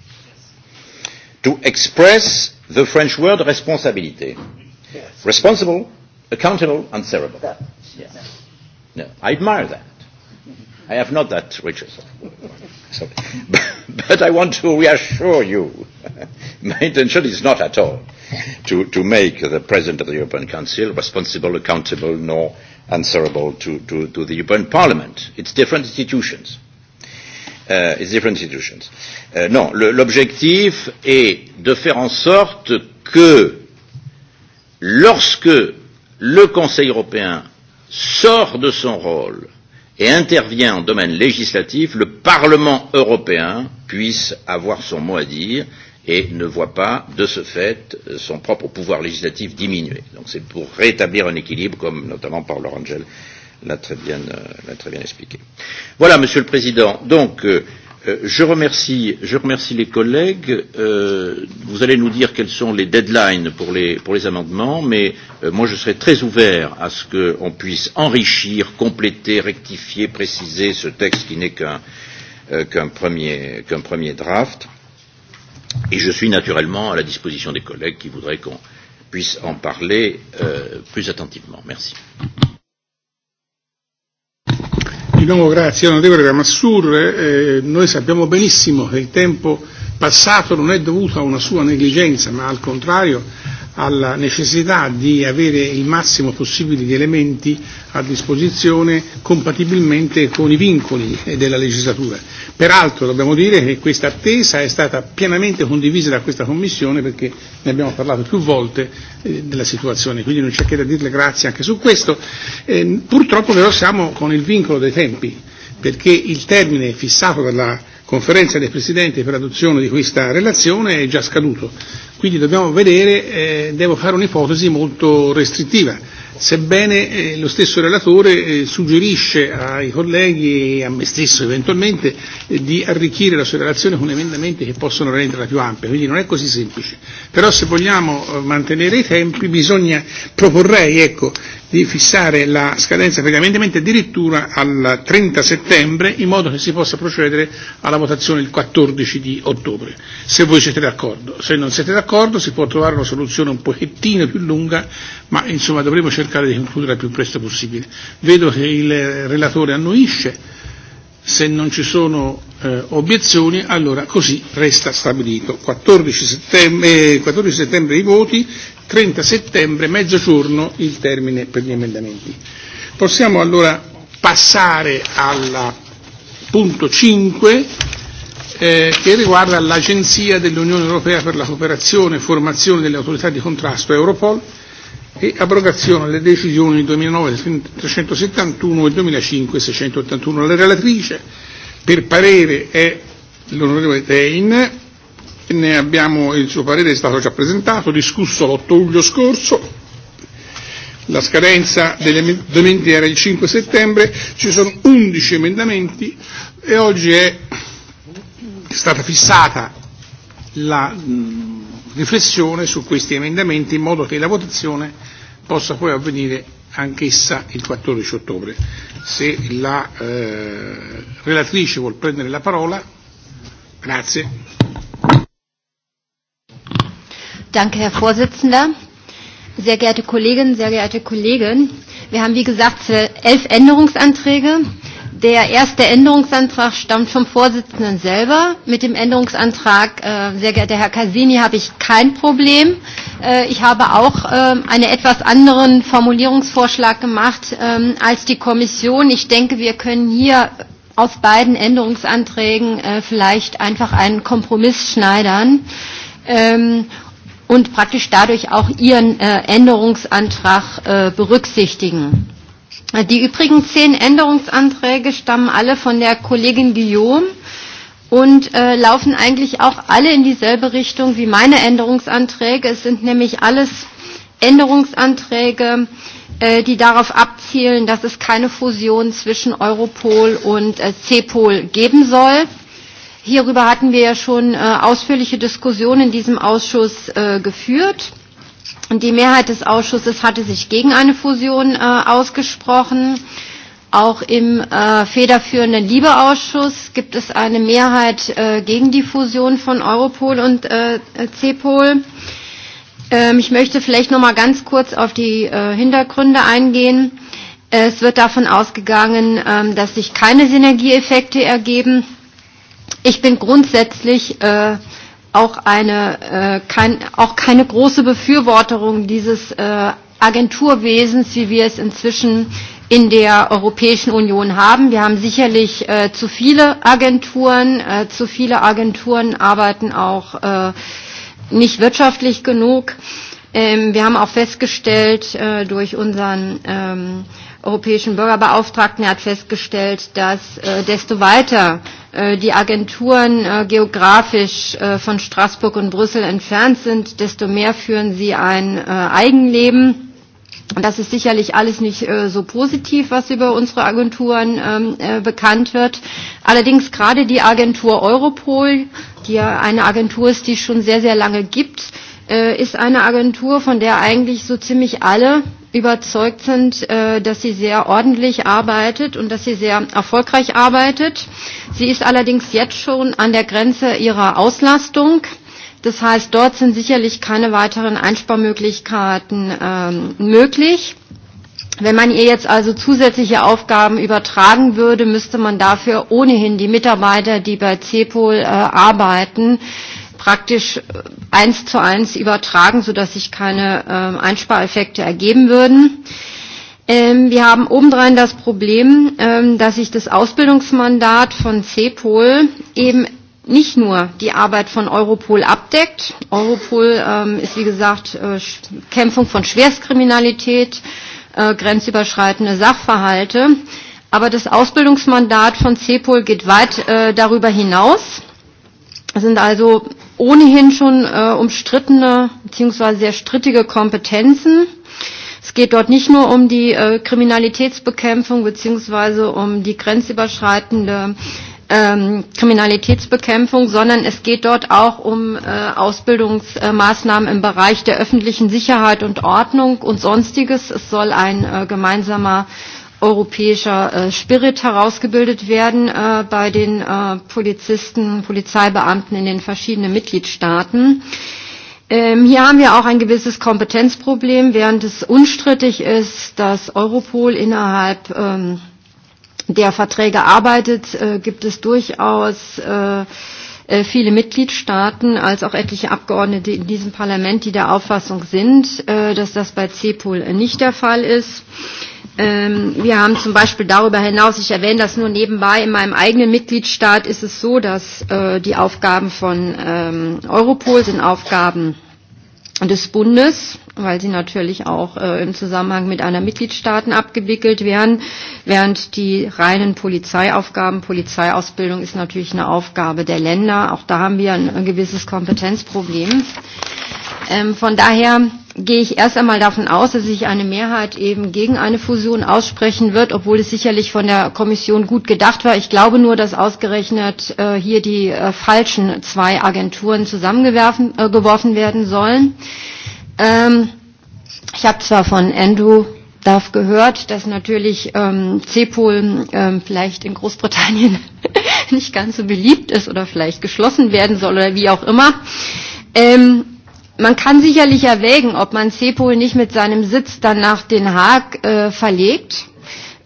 to express the French word responsabilité. Yes. Responsible, accountable, and cerebral. Yes. No, I admire that. I have not that riches. Sorry. but, <laughs> but I want to reassure you, <laughs> my intention is not at all to, to make the President of the European Council responsible, accountable, nor answerable to, to, to the European Parliament. It's different institutions. Uh, it's different institutions. Uh, non, l'objectif est de faire en sorte que lorsque le Conseil européen sort de son rôle et intervient en domaine législatif, le Parlement européen puisse avoir son mot à dire et ne voit pas, de ce fait, son propre pouvoir législatif diminuer. Donc c'est pour rétablir un équilibre, comme notamment par Laurent Angel l'a très, euh, très bien expliqué. Voilà, Monsieur le Président. Donc, euh, euh, je remercie, je remercie les collègues. Euh, vous allez nous dire quels sont les deadlines pour les, pour les amendements, mais euh, moi je serai très ouvert à ce qu'on puisse enrichir, compléter, rectifier, préciser ce texte qui n'est qu'un euh, qu premier, qu premier draft. Euh, Et je suis naturellement à la disposition des collègues qui voudraient qu'on puisse en parler euh, plus attentivement. Merci. Di nuovo grazie onorevole Ramassur, eh, noi sappiamo benissimo che il tempo passato non è dovuto a una sua negligenza, ma al contrario alla necessità di avere il massimo possibile di elementi a disposizione compatibilmente con i vincoli della legislatura. Peraltro dobbiamo dire che questa attesa è stata pienamente condivisa da questa Commissione perché ne abbiamo parlato più volte eh, della situazione, quindi non c'è che da dirle grazie anche su questo. Eh, purtroppo però siamo con il vincolo dei tempi perché il termine fissato dalla conferenza dei presidenti per l'adozione di questa relazione è già scaduto, quindi dobbiamo vedere, eh, devo fare un'ipotesi molto restrittiva, sebbene eh, lo stesso relatore eh, suggerisce ai colleghi e a me stesso eventualmente eh, di arricchire la sua relazione con emendamenti che possono renderla più ampia, quindi non è così semplice. Però se vogliamo eh, mantenere i tempi bisogna, proporrei ecco, di fissare la scadenza per gli addirittura al 30 settembre in modo che si possa procedere alla votazione il 14 di ottobre, se voi siete d'accordo. Se non siete d'accordo si può trovare una soluzione un pochettino più lunga, ma insomma dovremo cercare di concludere il più presto possibile. Vedo che il relatore annuisce, se non ci sono eh, obiezioni allora così resta stabilito. 14 settembre, eh, 14 settembre i voti 30 settembre, mezzogiorno, il termine per gli emendamenti. Possiamo allora passare al punto 5 eh, che riguarda l'Agenzia dell'Unione Europea per la cooperazione e formazione delle autorità di contrasto Europol e abrogazione delle decisioni 2009-371 e 2005-681. La relatrice per parere è l'onorevole Dein ne abbiamo, il suo parere è stato già presentato, discusso l'8 luglio scorso. La scadenza degli emendamenti era il 5 settembre, ci sono 11 emendamenti e oggi è stata fissata la riflessione su questi emendamenti in modo che la votazione possa poi avvenire anch'essa il 14 ottobre. Se la eh, relatrice vuol prendere la parola, grazie. Danke, Herr Vorsitzender. Sehr geehrte Kolleginnen, sehr geehrte Kollegen, wir haben wie gesagt äh, elf Änderungsanträge. Der erste Änderungsantrag stammt vom Vorsitzenden selber. Mit dem Änderungsantrag, äh, sehr geehrter Herr Casini, habe ich kein Problem. Äh, ich habe auch äh, einen etwas anderen Formulierungsvorschlag gemacht äh, als die Kommission. Ich denke, wir können hier aus beiden Änderungsanträgen äh, vielleicht einfach einen Kompromiss schneidern. Ähm, und praktisch dadurch auch ihren äh, Änderungsantrag äh, berücksichtigen. Äh, die übrigen zehn Änderungsanträge stammen alle von der Kollegin Guillaume und äh, laufen eigentlich auch alle in dieselbe Richtung wie meine Änderungsanträge. Es sind nämlich alles Änderungsanträge, äh, die darauf abzielen, dass es keine Fusion zwischen Europol und äh, CEPOL geben soll. Hierüber hatten wir ja schon äh, ausführliche Diskussionen in diesem Ausschuss äh, geführt. Die Mehrheit des Ausschusses hatte sich gegen eine Fusion äh, ausgesprochen. Auch im äh, federführenden Liebeausschuss gibt es eine Mehrheit äh, gegen die Fusion von Europol und äh, CEPOL. Ähm, ich möchte vielleicht noch mal ganz kurz auf die äh, Hintergründe eingehen. Es wird davon ausgegangen, äh, dass sich keine Synergieeffekte ergeben ich bin grundsätzlich äh, auch, eine, äh, kein, auch keine große Befürworterung dieses äh, Agenturwesens, wie wir es inzwischen in der Europäischen Union haben. Wir haben sicherlich äh, zu viele Agenturen. Äh, zu viele Agenturen arbeiten auch äh, nicht wirtschaftlich genug. Ähm, wir haben auch festgestellt äh, durch unseren ähm, europäischen Bürgerbeauftragten, er hat festgestellt, dass äh, desto weiter äh, Äh, die Agenturen äh, geografisch äh, von Straßburg und Brüssel entfernt sind, desto mehr führen sie ein äh, Eigenleben. Das ist sicherlich alles nicht äh, so positiv, was über unsere Agenturen ähm, äh, bekannt wird. Allerdings gerade die Agentur Europol, die ja eine Agentur ist, die es schon sehr, sehr lange gibt, äh, ist eine Agentur, von der eigentlich so ziemlich alle überzeugt sind, äh, dass sie sehr ordentlich arbeitet und dass sie sehr erfolgreich arbeitet. Sie ist allerdings jetzt schon an der Grenze ihrer Auslastung. Das heißt, dort sind sicherlich keine weiteren Einsparmöglichkeiten ähm, möglich. Wenn man ihr jetzt also zusätzliche Aufgaben übertragen würde, müsste man dafür ohnehin die Mitarbeiter, die bei CEPOL äh, arbeiten, äh, praktisch äh, eins zu eins übertragen, sodass sich keine äh, Einspareffekte ergeben würden. Ähm, wir haben obendrein das Problem, ähm, dass sich das Ausbildungsmandat von CEPOL eben nicht nur die Arbeit von Europol abdeckt. Europol ähm, ist, wie gesagt, äh, Kämpfung von Schwerstkriminalität, äh, grenzüberschreitende Sachverhalte. Aber das Ausbildungsmandat von CEPOL geht weit äh, darüber hinaus. Es sind also ohnehin schon äh, umstrittene bzw. sehr strittige Kompetenzen. Es geht dort nicht nur um die äh, Kriminalitätsbekämpfung bzw. um die grenzüberschreitende ähm, Kriminalitätsbekämpfung, sondern es geht dort auch um äh, Ausbildungsmaßnahmen äh, im Bereich der öffentlichen Sicherheit und Ordnung und Sonstiges. Es soll ein äh, gemeinsamer europäischer äh, Spirit herausgebildet werden äh, bei den äh, Polizisten, Polizeibeamten in den verschiedenen Mitgliedstaaten. Ähm, hier haben wir auch ein gewisses Kompetenzproblem, während es unstrittig ist, dass Europol innerhalb ähm, der Verträge arbeitet, äh, gibt es durchaus äh, äh viele Mitgliedstaaten als auch etliche Abgeordnete in diesem Parlament, die der Auffassung sind, äh, dass das bei CEPOL nicht der Fall ist. Ähm, Wir haben zum Beispiel darüber hinaus, ich erwähne das nur nebenbei, in meinem eigenen Mitgliedstaat ist es so, dass äh, die Aufgaben von ähm, Europol sind Aufgaben des Bundes, weil sie natürlich auch äh, im Zusammenhang mit einer Mitgliedstaaten abgewickelt werden, während die reinen Polizeiaufgaben, Polizeiausbildung ist natürlich eine Aufgabe der Länder. Auch da haben wir ein, ein gewisses Kompetenzproblem. Ähm, von daher gehe ich erst einmal davon aus, dass sich eine Mehrheit eben gegen eine Fusion aussprechen wird, obwohl es sicherlich von der Kommission gut gedacht war. Ich glaube nur, dass ausgerechnet äh, hier die äh, falschen zwei Agenturen zusammengeworfen äh, werden sollen. Ähm, ich habe zwar von Andrew Duff gehört, dass natürlich ähm, CEPOL ähm, vielleicht in Großbritannien <laughs> nicht ganz so beliebt ist oder vielleicht geschlossen werden soll oder wie auch immer. Ähm, Man kann sicherlich erwägen, ob man Sepol nicht mit seinem Sitz dann nach Den Haag äh, verlegt,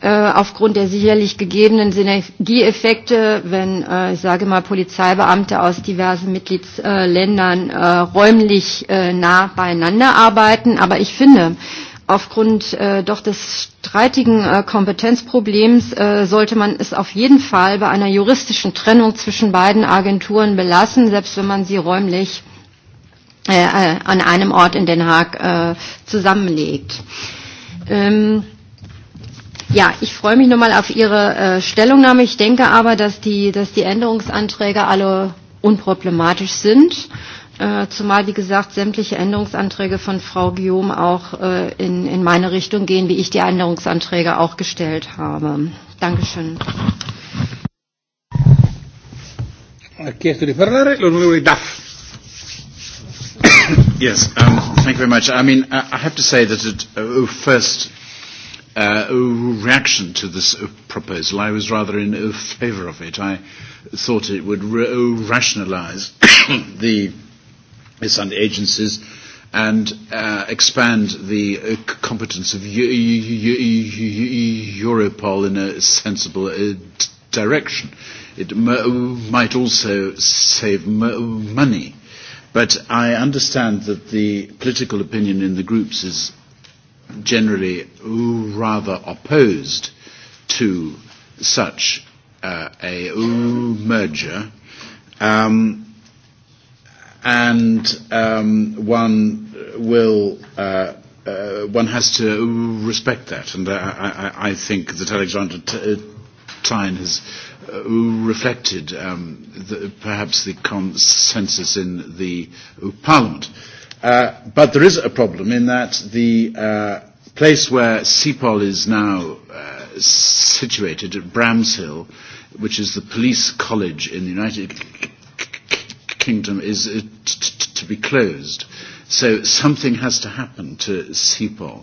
äh, aufgrund der sicherlich gegebenen Synergieeffekte, wenn, äh, ich sage mal, Polizeibeamte aus diversen Mitgliedsländern äh, räumlich äh, nah beieinander arbeiten. Aber ich finde, aufgrund äh, doch des streitigen äh, Kompetenzproblems äh, sollte man es auf jeden Fall bei einer juristischen Trennung zwischen beiden Agenturen belassen, selbst wenn man sie räumlich Äh, äh, an einem Ort in Den Haag äh, zusammenlegt. Ähm, ja, ich freue mich nochmal auf Ihre äh, Stellungnahme. Ich denke aber, dass die, dass die Änderungsanträge alle unproblematisch sind, äh, zumal, wie gesagt, sämtliche Änderungsanträge von Frau Guillaume auch äh, in, in meine Richtung gehen, wie ich die Änderungsanträge auch gestellt habe. Dankeschön. Ha chiesto di parlare l'onorevole Daff. Yes, um, thank you very much. I mean, I have to say that at uh, oh, first uh, oh, reaction to this uh, proposal, I was rather in uh, favour of it. I thought it would ra- oh, rationalise <coughs> the assigned agencies and uh, expand the uh, competence of Europol in a sensible direction. It might also save money But I understand that the political opinion in the groups is generally rather opposed to such uh, a merger. Um, and um, one will uh, uh, one has to respect that, and I, I, I think that Alexander T- uh, Klein has uh, reflected um, the, perhaps the consensus in the Parliament. Uh, but there is a problem in that the uh, place where CEPOL is now uh, situated at Bramshill, which is the police college in the United K- K- Kingdom, is uh, to be closed. So something has to happen to CEPOL.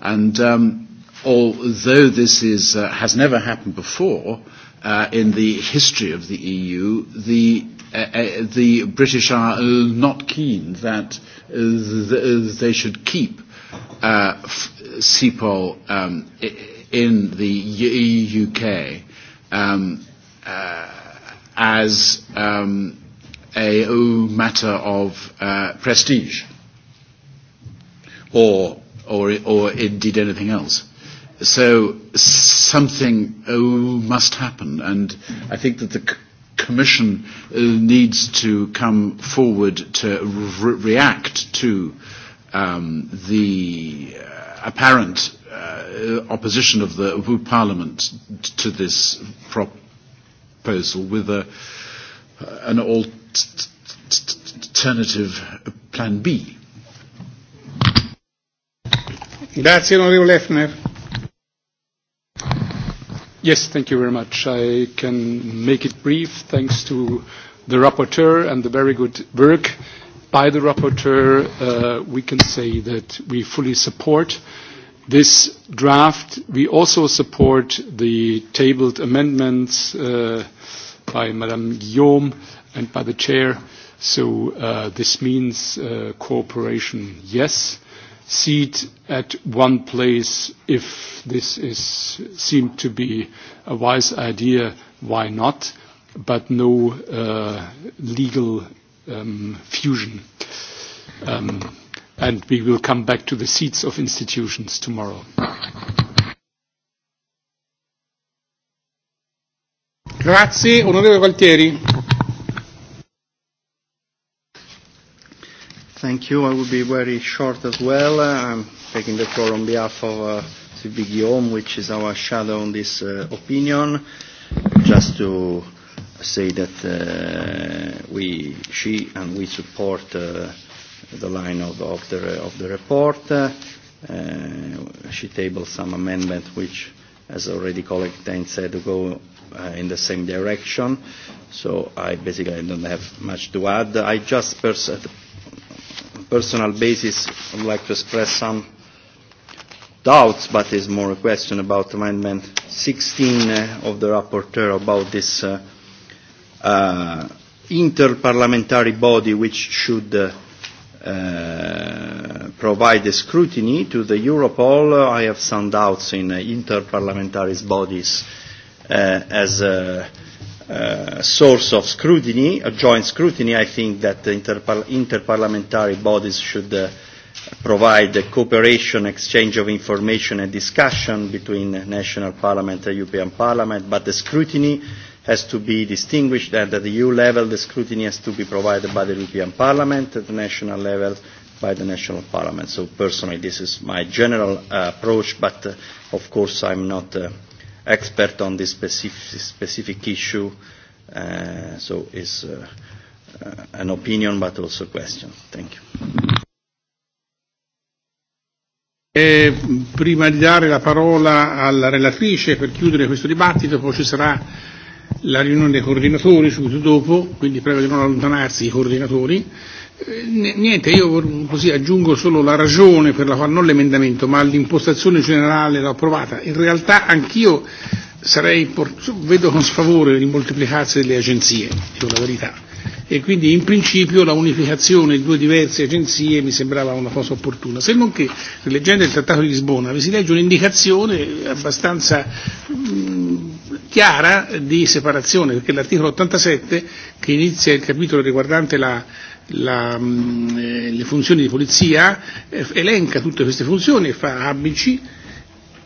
And um, although this is, uh, has never happened before uh, in the history of the EU, the, uh, uh, the British are not keen that uh, th- uh, they should keep uh, f- CEPOL um, in the e UK um, uh, as um, a matter of uh, prestige or, or, or indeed anything else. So something oh, must happen, and I think that the c- Commission uh, needs to come forward to re- react to um, the uh, apparent uh, opposition of the of Parliament to this proposal with a, uh, an alternative plan B. Grazie onorevole Effner. Yes, thank you very much. I can make it brief, thanks to the rapporteur and the very good work by the rapporteur. Uh, we can say that we fully support this draft. We also support the tabled amendments uh, by Madame Guillaume and by the chair. So, uh, this means uh, cooperation, yes seat at one place if this is seemed to be a wise idea why not but no uh, legal um, fusion um, and we will come back to the seats of institutions tomorrow grazie onorevole Gualtieri Thank you. I will be very short as well. Uh, I'm taking the floor on behalf of uh, Guillaume, which is our shadow on this uh, opinion. Just to say that uh, we, she and we support uh, the line of, of, the, of the report. Uh, she tabled some amendments which, as already colleague Tain said, go uh, in the same direction. So I basically don't have much to add. I just pers- personal basis, I'd like to express some doubts, but it's more a question about Amendment 16 uh, of the rapporteur about this uh, uh, interparliamentary body which should uh, uh, provide the scrutiny to the Europol. I have some doubts in uh, interparliamentary bodies uh, as uh, Uh, source of scrutiny, a joint scrutiny, I think that the interpar interparliamentary bodies should uh, provide the cooperation, exchange of information and discussion between national parliament and European parliament, but the scrutiny has to be distinguished and at the EU level the scrutiny has to be provided by the European Parliament, at the national level by the national parliament. So personally this is my general uh, approach, but uh, of course I'm not uh, expert on this specific, specific issue. Uh, so it's uh, uh, an opinion, but also a question. Thank you. Eh, prima di dare la parola alla relatrice per chiudere questo dibattito, poi ci sarà la riunione dei coordinatori subito dopo, quindi prego di non allontanarsi i coordinatori. Eh, niente, io così aggiungo solo la ragione per la quale non l'emendamento, ma l'impostazione generale l'ho approvata. In realtà anch'io sarei, vedo con sfavore il moltiplicarsi delle agenzie, dico la verità, e quindi in principio la unificazione di due diverse agenzie mi sembrava una cosa opportuna, se non che leggendo il Trattato di Lisbona vi si legge un'indicazione abbastanza mh, chiara di separazione, perché l'articolo 87 che inizia il capitolo riguardante la la, mm, eh, le funzioni di polizia, eh, elenca tutte queste funzioni e fa ABC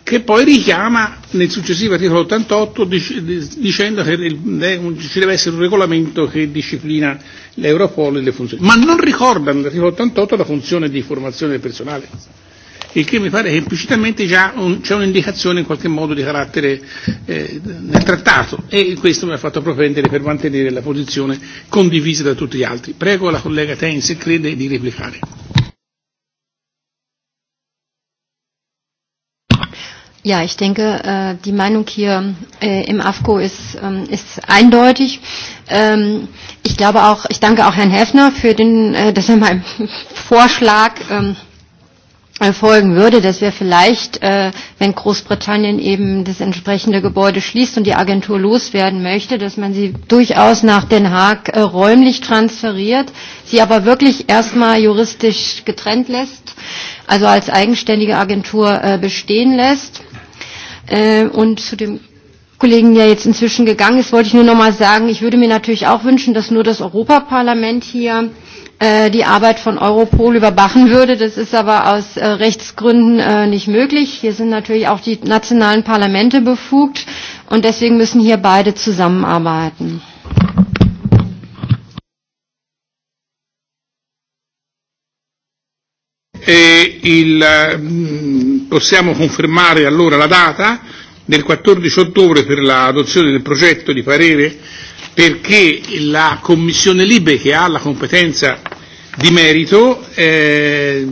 che poi richiama nel successivo articolo 88 dic- dicendo che il, eh, ci deve essere un regolamento che disciplina l'Europol e le funzioni. Ma non ricordano nell'articolo 88 la funzione di formazione del personale il che mi pare che implicitamente già un, c'è un'indicazione in qualche modo di carattere eh, nel trattato e questo mi ha fatto propendere per mantenere la posizione condivisa da tutti gli altri. Prego la collega Ten, se crede, di replicare. Ja, ich denke, äh, die Meinung hier äh, im AFCO ist, ähm, ist eindeutig. Ähm, ich glaube auch, ich danke auch Herrn Hefner für den, äh, dass er meinen <laughs> Vorschlag ähm, folgen würde, dass wir vielleicht, äh, wenn Großbritannien eben das entsprechende Gebäude schließt und die Agentur loswerden möchte, dass man sie durchaus nach Den Haag äh, räumlich transferiert, sie aber wirklich erstmal juristisch getrennt lässt, also als eigenständige Agentur äh, bestehen lässt. Äh, und zu dem Kollegen, der jetzt inzwischen gegangen ist, wollte ich nur noch mal sagen, ich würde mir natürlich auch wünschen, dass nur das Europaparlament hier Äh, die Arbeit von Europol überwachen würde. Das ist aber aus äh, Rechtsgründen äh, nicht möglich. Hier sind natürlich auch die nationalen Parlamente befugt und deswegen müssen hier beide zusammenarbeiten. E il, mm, possiamo confermare allora la data del 14 ottobre per l'adozione del progetto di parere perché la Commissione Libe, che ha la competenza di merito, eh,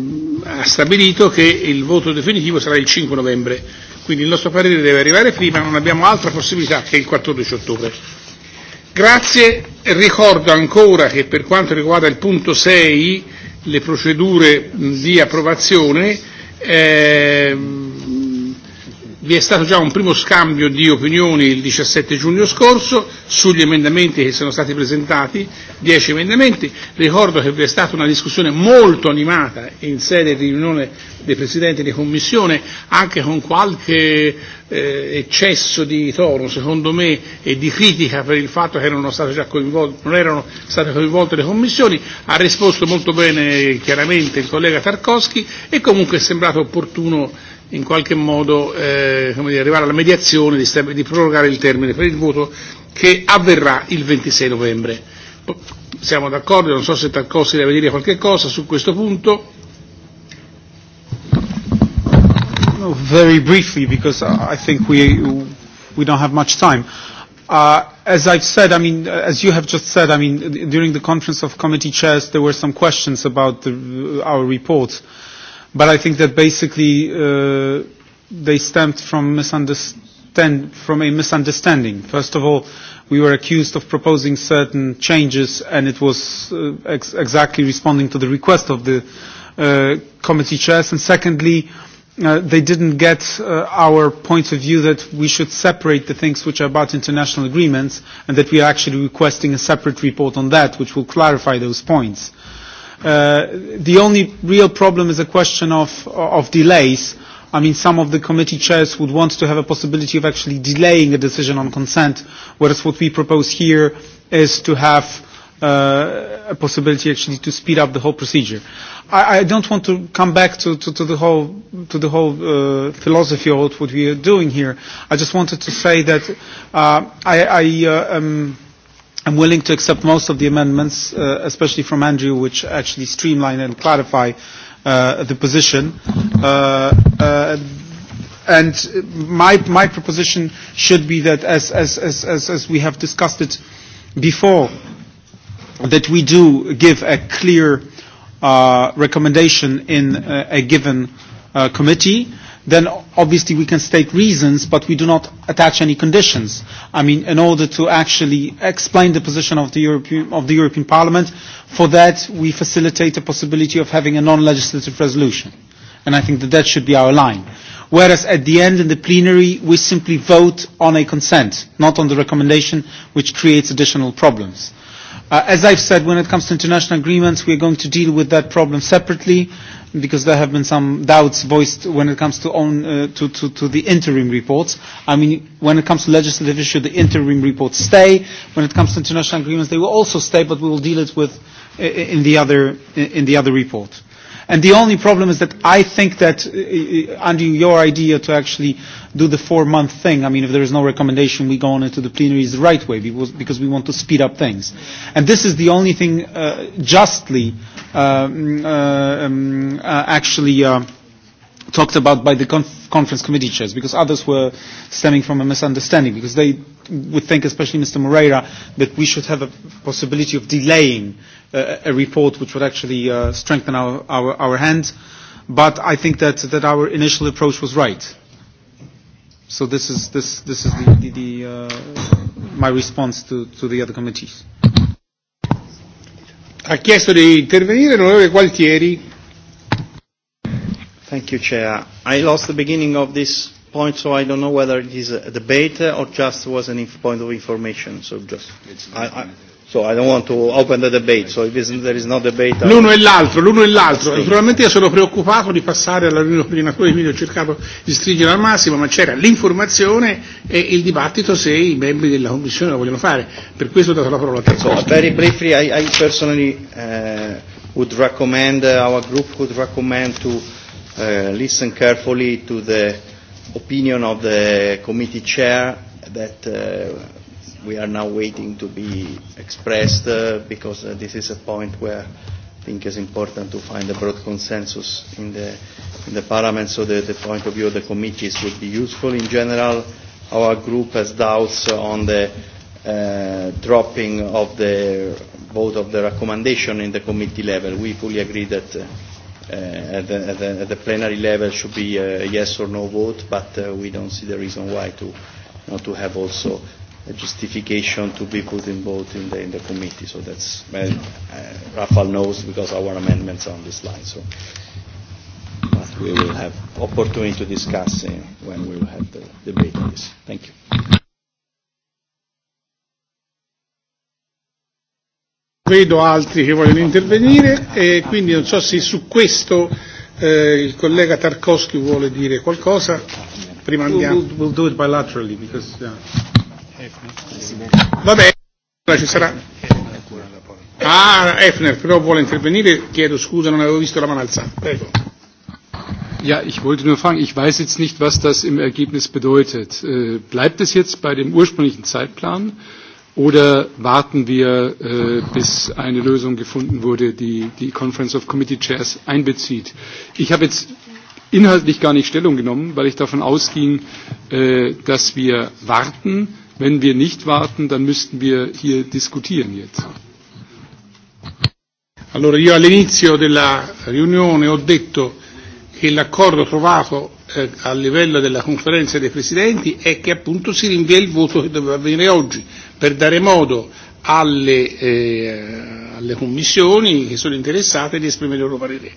ha stabilito che il voto definitivo sarà il 5 novembre, quindi il nostro parere deve arrivare prima, non abbiamo altra possibilità che il 14 ottobre. Grazie, ricordo ancora che per quanto riguarda il punto 6, le procedure di approvazione, eh, vi è stato già un primo scambio di opinioni il 17 giugno scorso sugli emendamenti che sono stati presentati, 10 emendamenti. Ricordo che vi è stata una discussione molto animata in sede di riunione dei Presidenti di Commissione, anche con qualche eh, eccesso di toro, secondo me, e di critica per il fatto che erano state già coinvolte, non erano state coinvolte le commissioni. Ha risposto molto bene chiaramente il collega Tarkovsky e comunque è sembrato opportuno in qualche modo eh, come dire, arrivare alla mediazione di, di prorogare il termine per il voto che avverrà il 26 novembre. Siamo d'accordo, non so se Tarkovsky deve dire qualche cosa su questo punto. No, very briefly, because uh, I think we, we don't have much time. Uh, as I've said, I mean, uh, as you have just said, I mean, during the conference of committee chairs, there were some questions about the, our report. Uh, But I think that basically uh, they stemmed from, misunderstand, from a misunderstanding. First of all, we were accused of proposing certain changes, and it was uh, ex exactly responding to the request of the uh, committee chairs. And secondly, uh, they didn't get uh, our point of view that we should separate the things which are about international agreements and that we are actually requesting a separate report on that which will clarify those points. Uh, the only real problem is a question of, of delays. I mean, some of the committee chairs would want to have a possibility of actually delaying a decision on consent, whereas what we propose here is to have uh, a possibility actually to speed up the whole procedure. I, I don't want to come back to, to, to the whole, to the whole uh, philosophy of what we are doing here. I just wanted to say that uh, I, I uh, um, I'm willing to accept most of the amendments, uh, especially from Andrew, which actually streamline and clarify uh, the position. Uh, uh, and my, my proposition should be that, as, as, as, as, as we have discussed it before, that we do give a clear uh, recommendation in uh, a given uh, committee. Uh, then obviously we can state reasons, but we do not attach any conditions. I mean, in order to actually explain the position of the, European, of the European Parliament, for that we facilitate the possibility of having a non-legislative resolution. And I think that that should be our line. Whereas at the end in the plenary, we simply vote on a consent, not on the recommendation, which creates additional problems. Uh, as I've said, when it comes to international agreements, we're going to deal with that problem separately because there have been some doubts voiced when it comes to, own, uh, to, to, to the interim reports. I mean, when it comes to legislative issues, the interim reports stay. When it comes to international agreements, they will also stay, but we will deal it with uh, in the other, in the other report. And the only problem is that I think that uh, under uh, your idea to actually do the four-month thing, I mean, if there is no recommendation, we go on into the plenary is the right way because, because we want to speed up things. And this is the only thing uh, justly uh, mm, uh, um, uh, actually uh, talked about by the conf- conference committee chairs because others were stemming from a misunderstanding because they would think, especially Mr. Moreira, that we should have a possibility of delaying uh, a, report which would actually uh, strengthen our, our, our hand. But I think that, that our initial approach was right. So this is, this, this is the, the, the, uh, my response to, to the other committees. Ha chiesto di intervenire l'onorevole Gualtieri. Thank you, Chair. I lost the beginning of this point, so I don't know whether it is a debate or just was a point of information. So just, it's I, I, So I don't want to open the debate, so if there is no debate... L'uno e l'altro, l'uno e l'altro. Naturalmente io sono preoccupato di passare alla riunione coordinatori, quindi ho cercato di stringere al massimo, ma c'era l'informazione e il dibattito se i membri della Commissione lo vogliono fare. Per questo ho dato la parola a terzo. So, very briefly, I, I personally uh, would recommend, uh, our group would recommend to uh, listen carefully to the opinion of the committee chair that uh, we are now waiting to be expressed uh, because uh, this is a point where I think it's important to find a broad consensus in the, in the Parliament so that the point of view of the committees would be useful. In general, our group has doubts on the uh, dropping of the vote of the recommendation in the committee level. We fully agree that uh, uh, at, the, at, the, at the plenary level should be a yes or no vote, but uh, we don't see the reason why to not to have also a justification to be put in vote in the, in the committee. So that's, uh, Rafael knows because our amendments are on this line. So but we will have opportunity to discuss uh, when we will have the debate on this. Thank you. Vedo altri che vogliono intervenire e quindi non so se su questo eh, il collega Tarkovsky vuole dire qualcosa. Prima andiamo. We'll, we'll we'll do it bilaterally because, yeah. Va Vabbè, ci sarà. Ah, Efner, però vuole intervenire, chiedo scusa, non avevo visto la mano alzata. Prego. Ja, ich wollte nur fragen, ich weiß jetzt nicht, was das im Ergebnis bedeutet. Äh, bleibt es jetzt bei dem ursprünglichen Zeitplan oder warten wir, äh, bis eine Lösung gefunden wurde, die die Conference of Committee Chairs einbezieht? Ich habe jetzt inhaltlich gar nicht Stellung genommen, weil ich davon ausging, äh, dass wir warten, Wenn wir nicht warten, dann müssten wir hier diskutieren jetzt. Allora io all'inizio della riunione ho detto che l'accordo trovato eh, a livello della conferenza dei presidenti è che appunto si rinvia il voto che doveva avvenire oggi per dare modo alle, eh, alle commissioni che sono interessate di esprimere il loro parere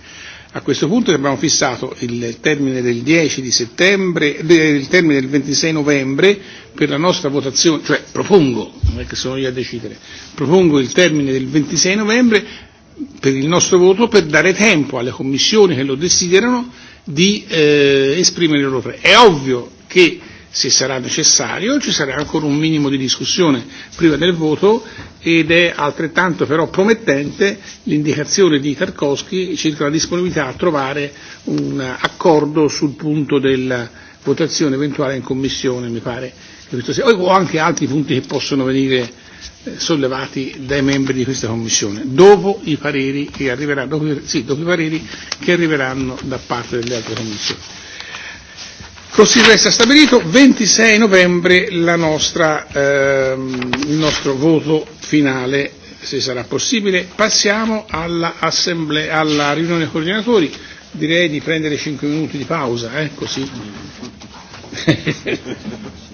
a questo punto abbiamo fissato il termine del 10 di settembre, il termine del 26 novembre per la nostra votazione, cioè propongo, non è che sono io a decidere, propongo il termine del 26 novembre per il nostro voto per dare tempo alle commissioni che lo desiderano di eh, esprimere il loro pre. È ovvio che se sarà necessario, ci sarà ancora un minimo di discussione prima del voto ed è altrettanto però promettente l'indicazione di Tarkovsky circa la disponibilità a trovare un accordo sul punto della votazione eventuale in commissione, mi pare sia, o anche altri punti che possono venire eh, sollevati dai membri di questa commissione, dopo i pareri che arriveranno, dopo, sì, dopo i pareri che arriveranno da parte delle altre commissioni. Così resta stabilito 26 novembre la nostra, ehm, il nostro voto finale, se sarà possibile. Passiamo alla, alla riunione dei coordinatori. Direi di prendere 5 minuti di pausa, eh, così. <laughs>